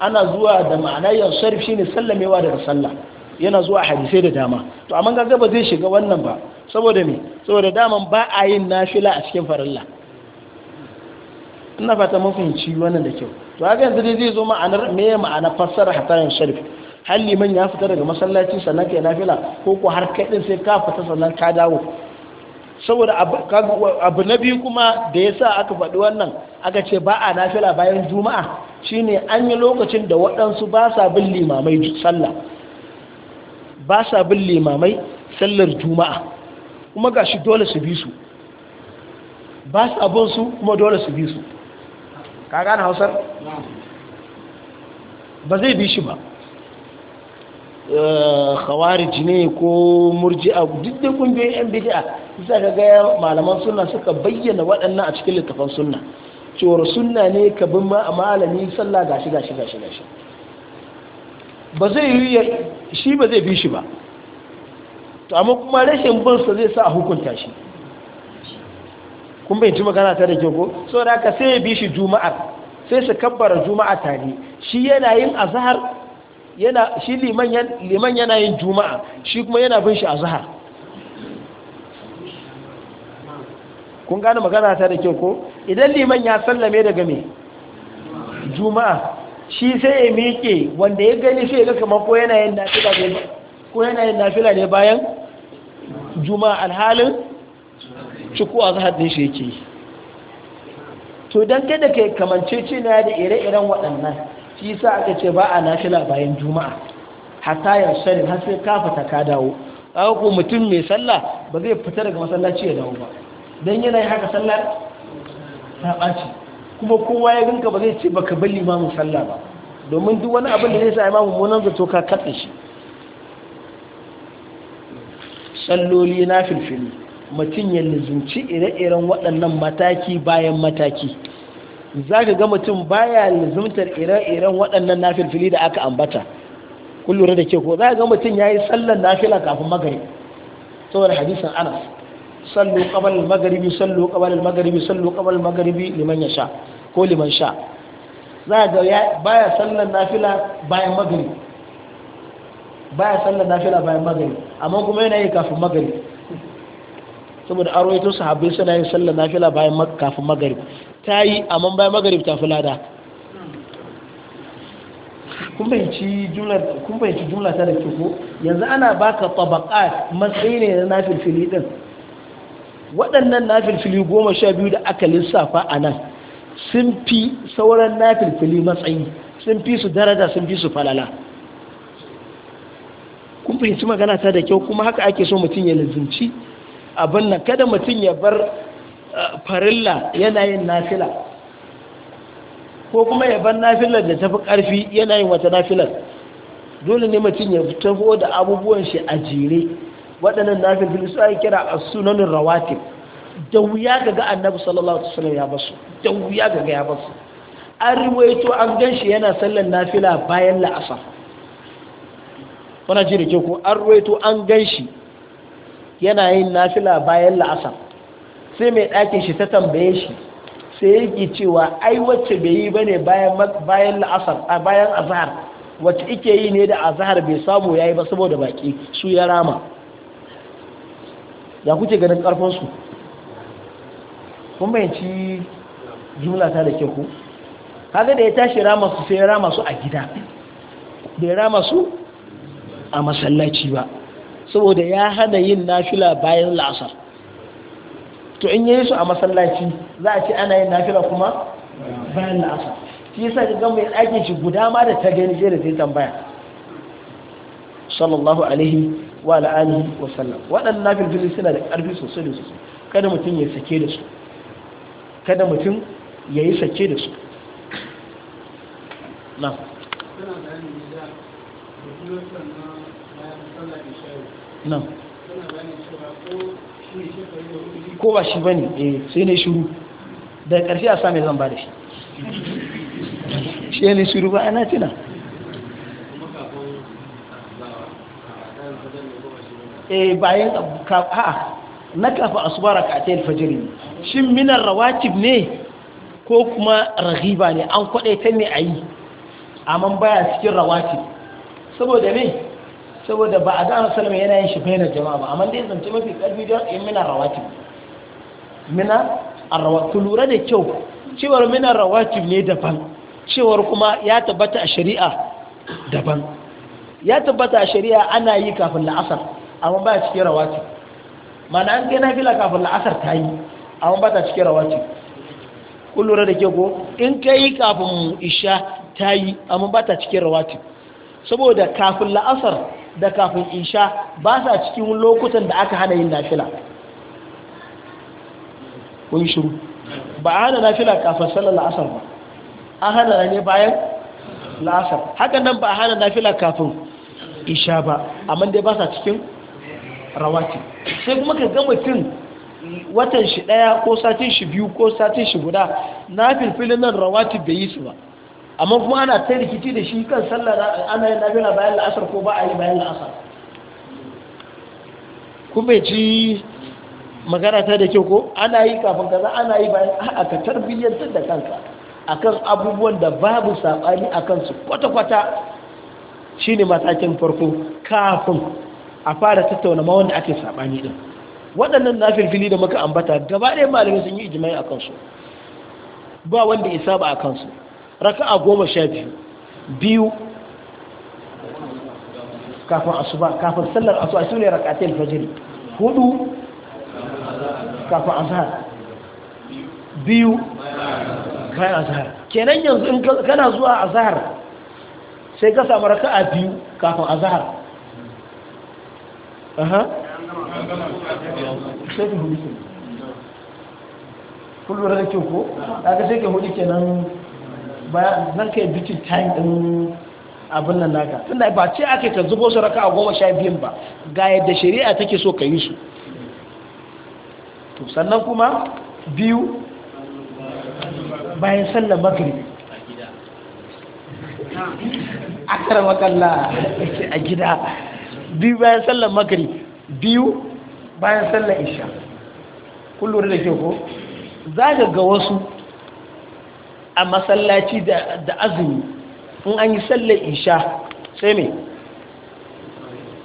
ana zuwa da ma'ana yin sirri shine sallamewa daga sallah yana zuwa hadisai da dama to amma ga gaba zai shiga wannan ba saboda me saboda daman ba a yin nafila a cikin farilla ina fata mun fahimci wannan da kyau to haka yanzu zai zo ma'anar me ma'ana fassara hatta yin sharif har liman ya fita daga masallaci sannan kai nafila ko ko har kai din sai ka fita sannan ka dawo saboda abu na biyu kuma da ya sa aka faɗi wannan aka ce ba a nafila bayan juma'a shine an yi lokacin da waɗansu ba sa bin limamai sallah ba sa bin limamai sallar juma'a kuma ga shi dole su bi su ba sa bin su kuma dole su bi su ka gane hausar ba zai bi shi ba eh, khawarij ne ko murji'a duk da kungiyoyin yan bid'a zai ka gaya malaman suna suka bayyana waɗannan a cikin littafan sunna cewar sunna ne ka bin ma a malami sallah gashi gashi gashi gashi ba zai yi shi ba zai bi shi ba to amma kuma rashin bansa zai sa hukunta shi kun bai ji magana ta da ke ko so da ka sai ya bi shi juma'ar sai su kabbara juma'a tare shi yana yin azhar yana shi liman liman yana yin juma'a shi kuma yana bin shi azhar kun gane magana ta da ke ko idan liman ya sallame daga me juma'a shi sai ya miƙe wanda ya gani sai ga kamar ko yana yin nafila ne ko yana yin nafila ne bayan juma'a alhalin shi ko a zahar shi yake yi to don kada kai kamance ce na da ire-iren waɗannan shi sa aka ce ba a nafila bayan juma'a hata ya sharin har sai ka fata ka dawo a ko mutum mai sallah ba zai fita daga masallaci ya dawo ba don yana yi haka sallar ta ɓaci kuma kowa ya rinka ba zai ce ba ka balli mamun sallah ba domin duk wani abin da zai sa imamu munan zato ka katse shi salloli na filfili mutum ya lizunci ire-iren waɗannan mataki bayan mataki za ka ga mutum baya lizumtar ire-iren waɗannan nafilfili da aka ambata kun lura da ke ko za ka ga mutum ya yi sallar nafila kafin magari saboda hadisan anas sallu qabal magaribi maghribi sallu qabal al-maghribi sallu qabal al-maghribi liman yasha ko liman sha za ga baya sallar nafila bayan magari baya sallar nafila bayan magari amma kuma yana yi kafin magari saboda an rawaito sahabbai suna yin sallar nafila bayan kafin magarib ta yi amma bayan magarib ta fi lada kun fahimci jumla ta da ko yanzu ana baka tabaka matsayi ne na nafilfili din waɗannan nafilfili goma sha biyu da aka lissafa a nan sun fi sauran nafilfili matsayi sun fi su daraja sun fi su falala kun fahimci magana ta da kyau kuma haka ake so mutum ya lazimci abin nan kada mutum ya bar eh, farilla yana yin nafila ko kuma ya bar nafilar da tafi ƙarfi yana yin wata nafilar dole ne mutum ya taho da abubuwan shi a jere waɗannan nafilfil su ake kira a sunanin rawatin da wuya ga ga annabi sallallahu alaihi wasallam ya basu da wuya ga ga ya basu an riwayato an ganshi yana sallan nafila bayan la'asar kuna ji da ke ko an riwayato an ganshi yana yin nafila bayan la'asar sai mai ɗakin shi ta tambaye shi sai yake cewa ai wacce bai yi bane bayan la'asar a bayan azhar wacce ike yi ne da azhar bai samu ya yi ba saboda baki su ya rama ya kuke ganin karfin kuma kun jimla jumla ta da ke ku kaga da ya tashi rama su sai ya rama su a gida bai rama su a masallaci ba saboda ya hana yin nafila bayan la'asar to in yi su a masallaci za a ce ana yin nafila kuma bayan la'asar shi yasa ga mai ɗakin shi guda ma da ta gani sai da ta tambaya sallallahu alaihi wa alihi wa sallam waɗannan nafilfili suna da ƙarfi sosai da sosai kada mutum ya sake da su kada mutum ya yi sake da su na Thank you. nan ko ba shi ba ne eh, sai ne shuru da ƙarfi a sami zan ba da shi shi ne shuru ba ana tina e eh, bayan a na kafa asubara ka ta alfajiri ne shin minar rawatib ne ko kuma ragiba ne an kwaɗe ta ne a yi amma baya cikin rawatib saboda ne saboda ba a gano salama yana yin na jama'a ba amma dai zance mafi karfi da in mina rawatib mina arrawatib ku lura da kyau cewar mina rawatib ne daban cewar kuma ya tabbata a shari'a daban ya tabbata a shari'a ana yi kafin la'asar amma ba cikin rawatib mana an kai nafila kafin la'asar ta yi amma ba ta cikin rawatib ku lura da kyau ko in kai kafin isha ta yi amma ba ta cikin rawatib saboda kafin la'asar da kafin isha ba sa cikin lokutan da aka hana yin nafila kun shiru ba a hana nafila kafin sallar la'asar ba an hana ne bayan la'asar hakan nan ba a hana nafila kafin isha ba amma dai ba sa cikin rawati sai kuma ka gama cin watan shi daya ko satin shi biyu ko satin shi guda na filfilin nan rawati bai yi su ba amma kuma ana ta rikici da shi kan sallar ana yin nafila bayan la'asar ko ba a yi bayan la'asar Kuma ci magana ta da kyau ko ana yi kafin kaza ana yi bayan a ka tarbiyyantar da kanka akan abubuwan da babu saɓani a kansu kwata-kwata Shi ne matakin farko kafin a fara tattauna ma wanda ake saɓani din waɗannan nafilfili da muka ambata gaba ɗaya malamai sun yi ijimai a kansu ba wanda ya saba a kansu raka'a goma sha biyu biyu kafin asuba kafin sallar asuba su ne rakatai fajiri hudu kafin azahar biyu bayan azahar kenan yanzu in kana zuwa azahar sai ka samu raka'a biyu kafin azahar. aha kullum da ke ko daga sai ka hudu kenan zan kai bitin time din abin nan naka tunda ba ce ake ka zubo su raka a goma sha biyun ba ga yadda shari'a take so ka yi su to sannan kuma biyu bayan sallar magribi a karama makalla a gida biyu bayan sallar magribi biyu bayan sallar isha kullum da ke ko za ga wasu a masallaci da azumi in an yi sallar isha sai mai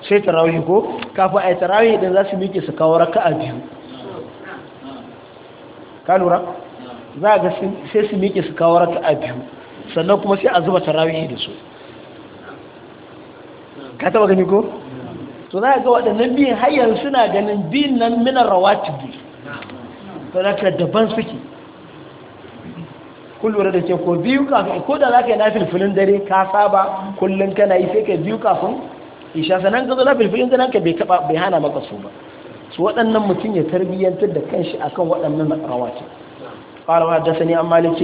sai tarawih ko kafin a yi tarawih idan za su miƙe su kawo raka a biyu ka lura za a ga sai su miƙe su kawo raka a biyu sannan kuma sai a zuba tarawih da su ka taba gani ko to za a ga waɗannan biyun hayyar suna ganin bin nan minar rawatibi to daga daban suke kun da ke ko biyu kafin ko da za ka yi na filfilin dare ka saba kullum kana yi sai ka biyu kafin isha sanan ka zo na filfilin dare ka bai hana maka su ba su waɗannan mutum ya tarbiyyantar da kanshi akan waɗannan rawaci قال وحدثني عن مالك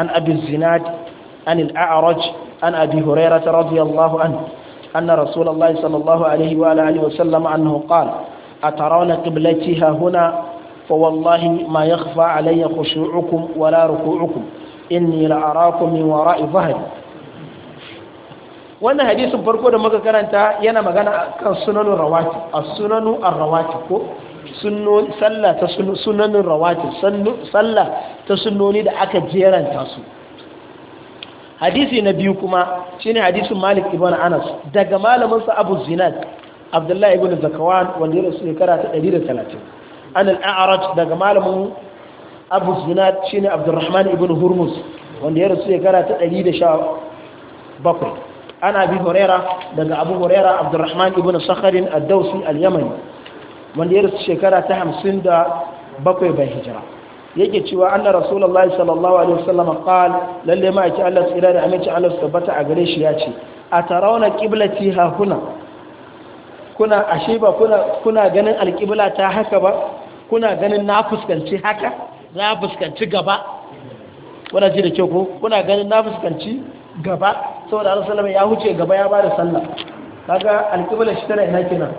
an أبي الزناد عن الأعرج عن أبي هريرة رضي الله عنه أن رسول الله صلى الله عليه وآله وسلم عنه قال أترون قبلتها هنا فوالله ما يخفى علي خشوعكم ولا ركوعكم إني لأراكم من وراء ظهري wannan hadisin farko da muka karanta yana magana kan sunanun rawati a sunanu rawati ko sallah ta sunanun rawati sallah ta sunoni da aka jeranta su hadisi na biyu kuma shine hadisin malik ibn anas daga malaminsa abu zinad abdullahi ibn zakawan wanda ya rasu shekara ta talatin. an al'arat daga malamin abu zunat shi ne abdurrahman ibn hurmus wanda ya rasu shekara ta 117 ana abi horera daga abu horera abdurrahman ibn sakharin Addausi dausi al-yamani wanda ya rasu shekara ta 57 bai hijira yake cewa anna Rasulallah sallallahu alaihi wasallam qal lalle ma yake Allah tsira da aminci Allah su tabbata a gare shi A tarauna qiblati ha kuna kuna ashe ba kuna ganin alqibla ta haka ba kuna ganin na fuskanci haka na fuskanci gaba kuna ji da ke ko kuna ganin na fuskanci gaba saboda Allah sallama ya huce gaba ya bada sallah kaga alƙibla shi tana ina kenan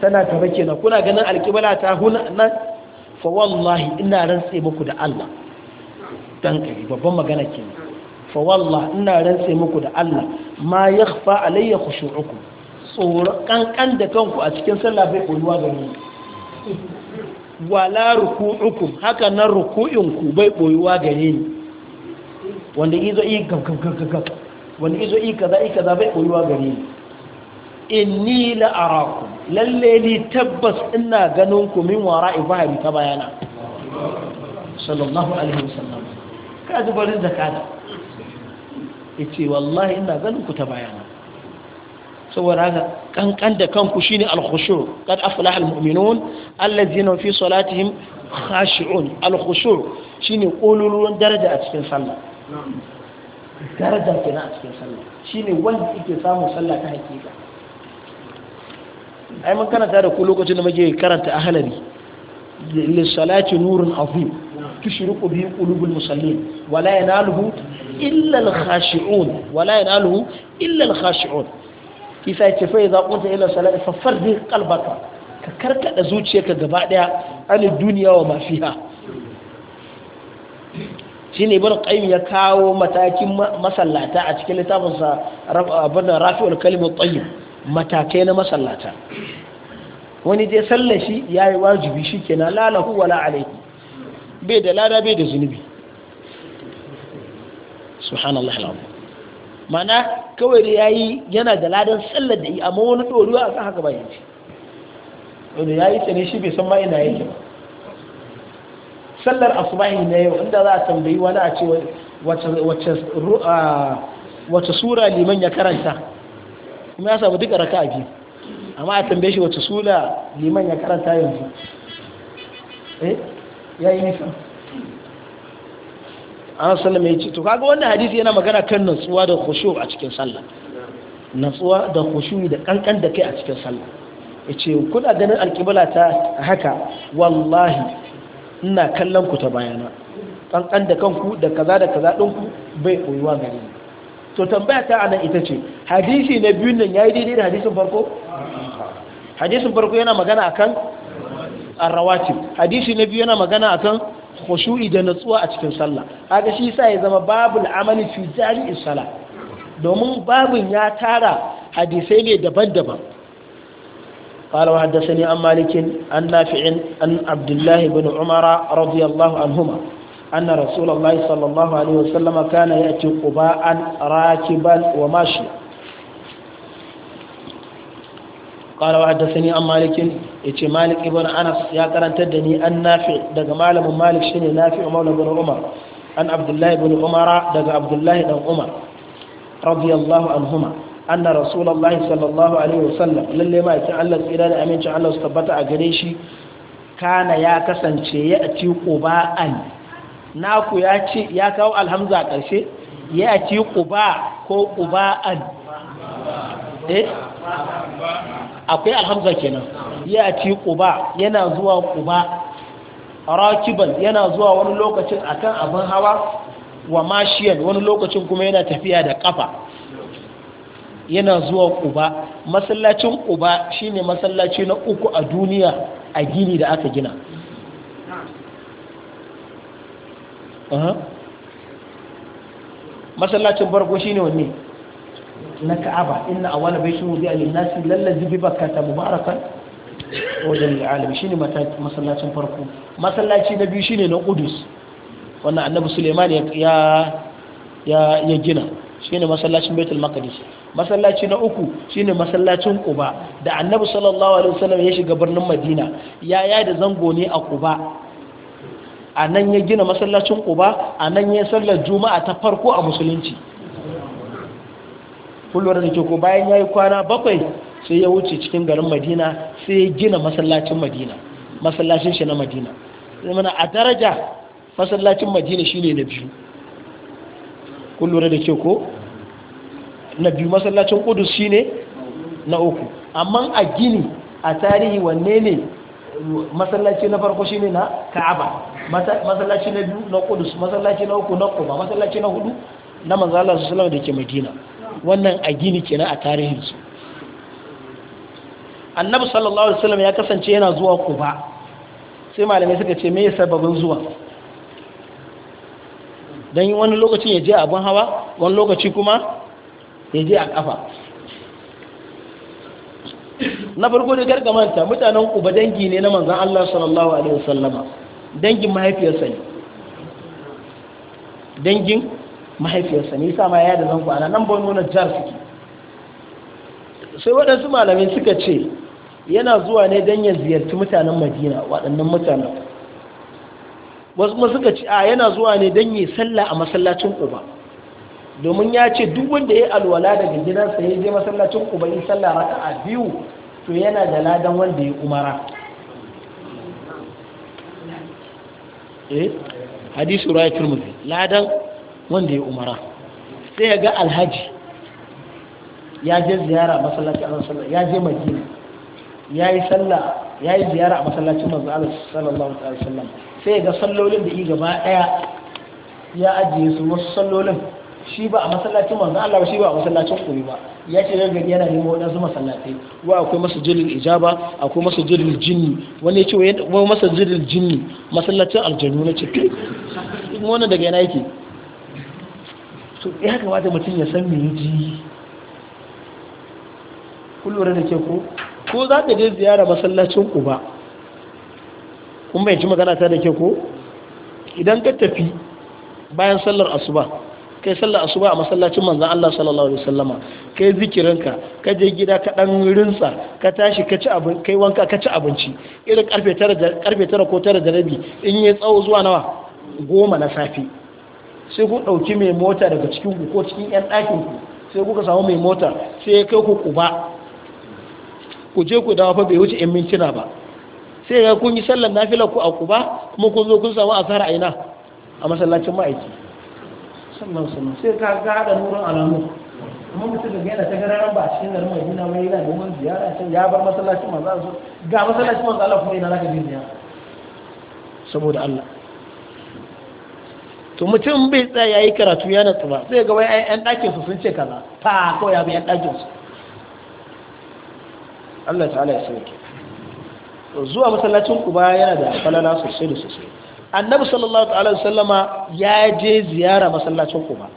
tana gaba kenan kuna ganin alƙibla ta huna nan fa wallahi ina rantse muku da Allah dan kai babban magana kenan fa wallahi ina rantse muku da Allah ma yakhfa alayya khushu'ukum Tsoro kankan da kanku a cikin sallah bai koyuwa gare ni wala ruku'ukum haka nan ruku'inku bai boyuwa gare ni wanda izo yi gaggaggaggag wanda izo yi kaza yi kaza bai boyuwa gare ni inni la'arakum lalle ni tabbas ina ganin ku min wara fahari ta bayana sallallahu alaihi wasallam ka ji barin zakata yace wallahi ina ganin ku ta bayana saboda haka kankan da kanku shine al-khushu' kad aflaha al-mu'minun allazina fi salatihim khashi'un al-khushu' shine kololuwan daraja a cikin sallah daraja kenan a cikin sallah shine wanda yake samu sallah ta hakika ai mun ta da ku lokacin da muke karanta a ahlali lissalati nurun abu, tushriqu bihi qulubul musallin wala yanaluhu luhu illal khashiun wala yanaluhu illa al-khashi'un isa ya ce fa idza qunta ila salati fa fardi kalbata ka karkada zuciyarka gaba ɗaya an duniya wa ma fiha shine ibn qayyim ya kawo matakin masallata a cikin littafin sa abin rafi'ul kalimat tayyib matakai na masallata wani dai sallar shi yayi wajibi shikenan na lahu wala alayhi bai da lada bai da zunubi subhanallahi alazim mana kawai da ya yi yana da ladan sallar da yi amma wani tsoriwa a kan haka ba yanci wanda ya yi tsane shi bai san ma ina yake ba sallar asubahi na yau inda za a tambayi wani a ce wace sura liman ya karanta kuma ya samu duka raka a biyu amma a tambaye shi wace sura liman ya karanta yanzu eh ya yi nisa an sallama ya ce to kaga wannan hadisi yana magana kan natsuwa da khushu a cikin sallah natsuwa da khushu da kankan da kai a cikin sallah ya ce kuna ganin alƙibla ta haka wallahi ina kallon ku ta bayana kankan da kanku da kaza da kaza ɗinku bai koyuwa gare ni to tambaya ta anan ita ce hadisi na biyun nan yayi daidai da hadisin farko hadisin farko yana magana akan arrawatib hadisi na biyu yana magana akan khushu'i da natsuwa a cikin sallah kaga shi yasa ya zama babul amali fi jari'is salah domin babun ya tara hadisai ne daban-daban قال وحدثني عن مالك عن نافع عن عبد الله بن عمر رضي الله عنهما أن رسول الله صلى الله عليه وسلم كان يأتي قباء راكبا وماشيا قال وحدثني عن مالك yace malik ibn anas ya karantar da ni an nafi daga malamin malik shine nafi maula ibn umar an abdullah ibn Umar daga abdullah dan umar radiyallahu anhuma anna rasulullahi sallallahu alaihi wasallam lalle ma yace Allah tsira da amincin Allah su tabbata a gare shi kana ya kasance ya ci quba'an naku ya ce ya kawo alhamza karshe ya ci ƙuba ko an. Eh? akwai alhamza kenan ya ci quba yana zuwa ƙuba. rakiban yana zuwa wani lokacin akan abin hawa wa mashiyan wani lokacin kuma yana tafiya da kafa yana zuwa ƙuba. masallacin quba shine masallaci na uku a duniya a gini da aka gina masallacin barko shine wanne na ka'aba inna bai baitin wudi'a alin nasi lallazi bi ta mubarakan wajen alim shi ne masallacin farko masallaci na biyu shi ne na ƙudus wannan annabi suleiman ya gina shi ne masallacin betul makadis masallaci na uku shi ne masallacin ƙuba da annabi sallallahu alaihi wasallam ya shiga birnin madina ya ya da zango ne a ƙuba a nan ya gina masallacin ƙuba a nan ya sallar juma'a ta farko a musulunci kullum da ko bayan ya yi kwana bakwai sai ya wuce cikin garin madina sai ya gina masallacin madina masallacin shi na madina mana a daraja masallacin madina ne na biyu kullum da ke ko na biyu masallacin kudus shi ne na uku amma a gini a tarihi wanne ne masallaci na farko shi ne na ka'aba masallaci na biyu na kudus masallaci na uku na kuma masallaci na hudu na manzala su salama da ke madina wannan a gini kenan a tarihinsu annabi sallallahu alaihi wasallam ya kasance yana zuwa kuba sai malamai suka ce me sababin zuwa don wani lokacin ya je abin hawa wani lokaci kuma ya je a kafa na farko da gargamanta mutanen kuba dangi ne na manzan Allah sallallahu alaihi wasallama dangin mahaifiyarsa ne dangin mahaifiyarsa ne yasa ma ya da zango ana nan ban nuna jar suke sai waɗansu malamin suka ce yana zuwa ne don ya ziyarci mutanen madina waɗannan mutanen wasu ma suka ce a yana zuwa ne don ya sallah a masallacin ƙuba domin ya ce duk wanda ya alwala daga gidansa ya je masallacin ƙuba yi sallah raka a biyu to yana da ladan wanda ya umara eh hadisi rawi ya turmuzi ladan wanda ya umara sai ya ga alhaji ya je ziyara a masallacin Allah ya je Madina ya yi sallah ya yi ziyara a masallacin manzo Allah sallallahu alaihi wasallam sai ya ga sallolin da yi gaba daya ya ajiye su wasu sallolin shi ba a masallacin manzo Allah shi ba a masallacin kuri ba ya ce daga gari yana nemo wadansu masallatai wa akwai masjidul ijaba akwai masjidul jinni wani ya ce wai masjidul jinni masallacin Aljanu na ce wani daga yana yake so ya kamata mutum ya san mai ji kullum da ke ko ko za ka je ziyara masallacin ku ba kun bai ci magana ta da ke ku idan ka tafi bayan sallar asuba kai sallar asuba a masallacin manzan Allah sallallahu alaihi wasallama kai zikirinka ka je gida ka dan rinsa ka tashi ka ci abin kai wanka ka ci abinci irin karfe 9 karfe 9 ko 9 da rabi in yi tsawo zuwa nawa goma na safi sai ku ɗauki mai mota daga cikin ku ko cikin 'yan ɗakin ku sai kuka samu mai mota sai ya kai ku ba ku je ku dawo fa bai wuce 'yan mintuna ba sai ya kun yi sallar nafilar ku a ba kuma kun zo kun samu asara a ina a masallacin ma'aiki sannan sannan sai ka ga da alamu kuma mutum da yana ta gararan ba a cikin garin mai gina mai yana neman ziyara can ya bar masallacin manzo ga masallacin manzo Allah kuma yana zaka je ziyara saboda Allah to mutum bai tsaya yi karatu ya natsu ba sai ga wai ɗan ɗakin su sun ce kaza ta ko ya bi ɗan ɗakin su Allah ta'ala ya sauke zuwa masallacin ku ba yana da falala sosai da sosai Annabi sallallahu ta'ala sallama ya je ziyara masallacin Quba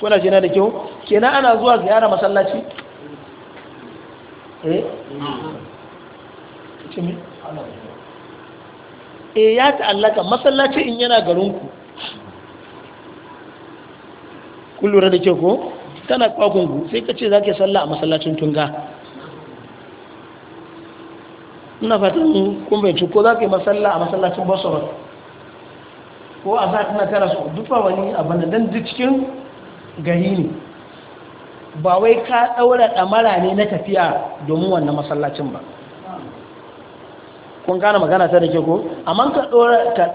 to na jina da kyau kenan ana zuwa ziyara masallaci eh, eh ya ta'allaka masallaci in yana garinku kun lura da ke ko tana kwakungu sai ka ce za ka sallah a masallacin tunga ina fatan kun bai ko za ka yi masallah a masallacin basoro ko a za ka na tara su dufa wani abin da duk cikin gari ne ba wai ka ɗaura ɗamara ne na tafiya domin wannan masallacin ba kun gane magana ta da ke ko amma ka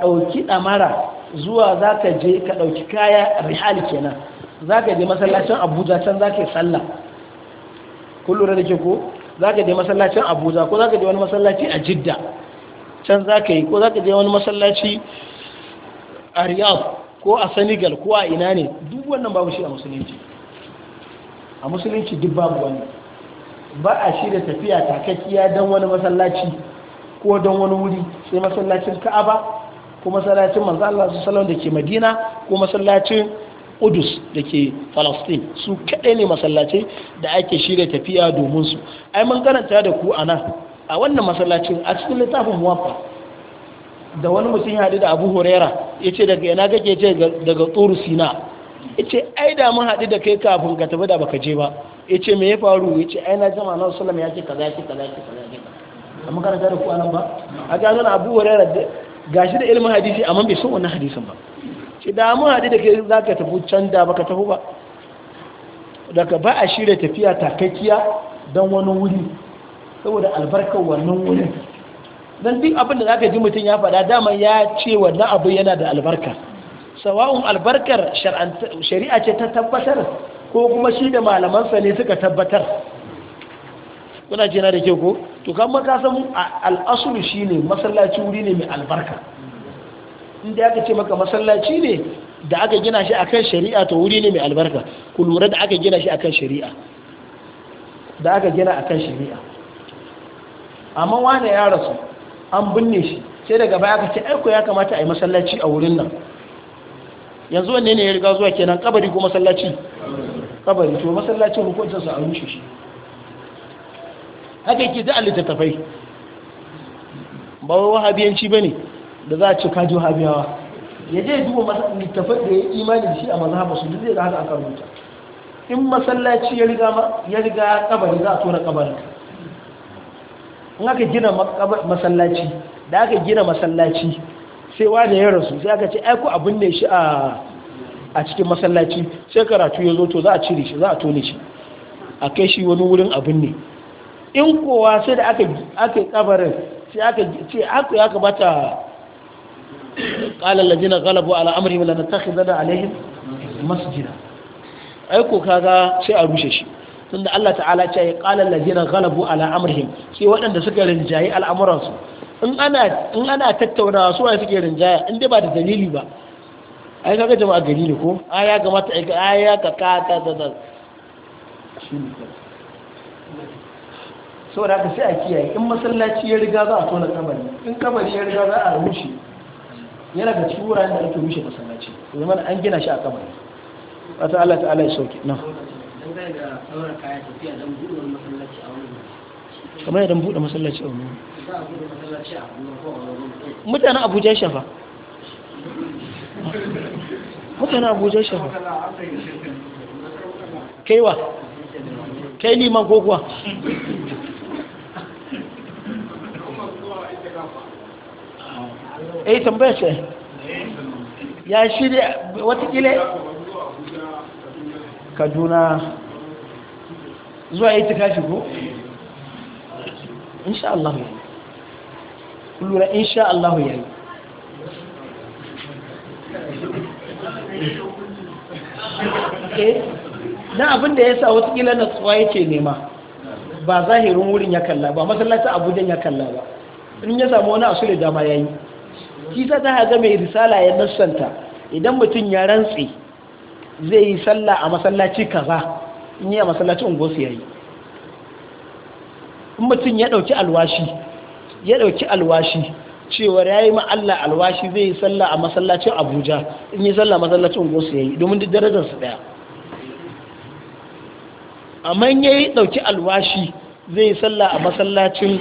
ɗauki ɗamara zuwa za ka je ka ɗauki kaya rihali kenan za ka je masallacin abuja can za ka yi sallah kullum da ke ko za ka je masallacin abuja ko za ka je wani masallaci a jidda can za ka yi ko za ka je wani masallaci a riyadh ko a senegal ko a ina ne duk wannan babu shi a musulunci a musulunci duk babu wani ba a da tafiya takakkiya don wani masallaci ko don wani wuri sai masallacin ka'aba ko masallacin manzo Allah sallallahu alaihi wasallam da ke Madina ko masallacin Udus da ke Falastin su kaɗai ne masallacai da ake shirya tafiya domin su ai mun karanta da ku ana a wannan masallacin a cikin littafin muwafa da wani mutum ya haɗu da Abu horera ya ce daga yana kake ce daga Tsoro Sina ya ce ai da mun haɗu da kai kafin ka tafi da baka je ba ya ce me ya faru ya ce ai na jama'a na wasu ya ce kaza za ce kaza ya ce kaza ya ce kaza da ku anan ba a gano Abu Huraira gashi da ilimin hadisi amma bai so wannan hadisin ba ce damuwa da ke za ka tafi can da baka tafi ba daga ba a shirya tafiya takakkiya don wani wuri saboda albarkar wannan wurin don duk abin da za ka ji mutum ya faɗa dama ya ce wannan abu yana da albarka sawa'un albarkar shari'a ce ta tabbatar ko kuma shi da malamansa ne suka tabbatar kuna jina da ke ko to kan makasan al'asuru shi ne masallaci wuri ne mai albarka inda aka ce maka masallaci ne da aka gina shi akan shari'a to wuri ne mai albarka ku lura da aka gina shi akan shari'a da aka gina akan shari'a amma wane ya rasu an binne shi sai daga baya aka ce aiko ya kamata a yi masallaci a wurin nan yanzu wanne ne ya riga zuwa kenan kabari ko masallaci kabari to ko hukuncin sa a rushe shi haka yake da littattafai ba wahabiyanci bane da za a ce kajo habiyawa ya je duba littafin da ya imani da shi a mazhabar su Da zai ga haka aka rubuta in masallaci ya riga ya riga kabari za a tona kabarin in aka gina masallaci da aka gina masallaci sai wani ya rasu sai aka ce aiko abin ne shi a cikin masallaci sai karatu ya zo to za a cire shi za a tone shi a kai shi wani wurin abin ne in kowa sai da aka yi kabarin sai aka ce aka ya kamata qala allazina ghalabu ala amrihim lanattakhidhanna alaihim masjida ai ko kaga sai a rushe shi tunda Allah ta'ala ce ya qala allazina ghalabu ala amrihim sai waɗanda suka rinjayi al'amuransu. in ana in tattaunawa su waye suke rinjaya in dai ba da dalili ba ai kaga jama'a gari ne ko aya ga mata aya ka ka ta da da saboda haka sai a kiyaye in masallaci ya riga za a tona kabari in kabari ya riga za a rushe yana ga tura wuraren da ake rushe masallaci to mana an gina shi a kamar wata Allah ta Allah ya sauke na kamar yadda buɗe masallaci a wani mutanen abuja shafa mutanen abuja shafa kaiwa kai liman ko eh tambaya ce ya shirya watakila kaduna zuwa yi ta kashi ko? insha Allah ya yi lura insha Allah ya yi eh na abin da ya sa watakila na tsuwa yake nema ba zahirin wurin ya kalla ba masallacin abujan ya kalla ba in ya samu wani asule dama ya yi Kisa ta ta ga mai risala ya nassanta idan mutum ya rantsi zai yi sallah a masallaci kaza in yi a masallacin ungosu ya yi in mutum ya ɗauki alwashi ya ɗauki alwashi cewar ya yi ma'alla alwashi zai yi sallah a masallacin abuja in yi sallah masallacin ungosu ya yi domin duk darajarsu ɗaya amma ya yi ɗauki alwashi zai yi sallah a masallacin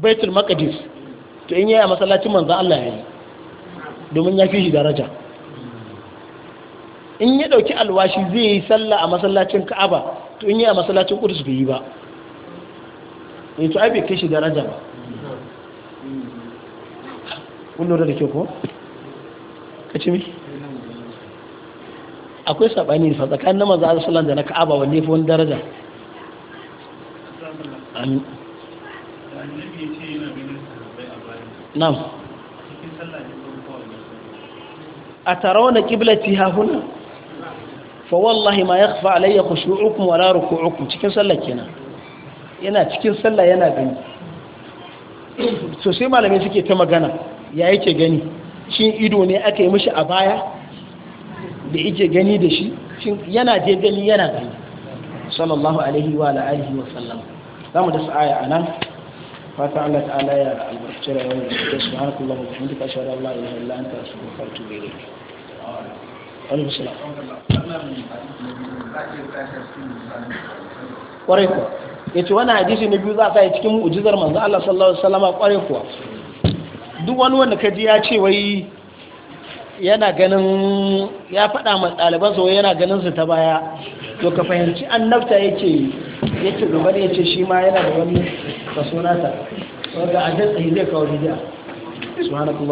baitul maqdis to in yaya masallacin manzan Allah ya yi domin ya fi shi daraja in ya ɗauki alwashi zai yi sallah a masallacin ka'aba to in yi a masallacin kudus bai yi ba ya eh to aibe kai shi daraja ba kun lura da ke ko? ka ci mi? akwai saɓani fa tsakanin na maza sallan da na ka'aba wanda ya fi wani daraja amin Na'am. a tarawar kiblati ha huna fa wallahi ma ya kafa alayya khushu'ukum wala ruku'ukum cikin sallah kenan yana cikin sallah yana gani so sai malamai suke ta magana ya yake gani shin ido ne aka yi mishi a baya da yake gani da shi shin yana je gani yana gani sallallahu alaihi wa alihi wa sallam zamu da sa'aya anan fata Allah ta'ala ya albarkaci rayuwar da ke su har kullum da hindu kashi da Allah ya yi Allah ta su kufar tube ne wani musulam kwarai kuwa ya ce wani hadisi na biyu za a sa cikin mu'ujizar manzo Allah sallallahu alaihi wasallam kwarai kuwa duk wani wanda ka ji ya ce wai yana ganin ya faɗa ma su wai yana ganin su ta baya to ka fahimci annabta yake ce dubar ce shi ma yana da wani kaso nata wanda a dantsa zai kawo bid'a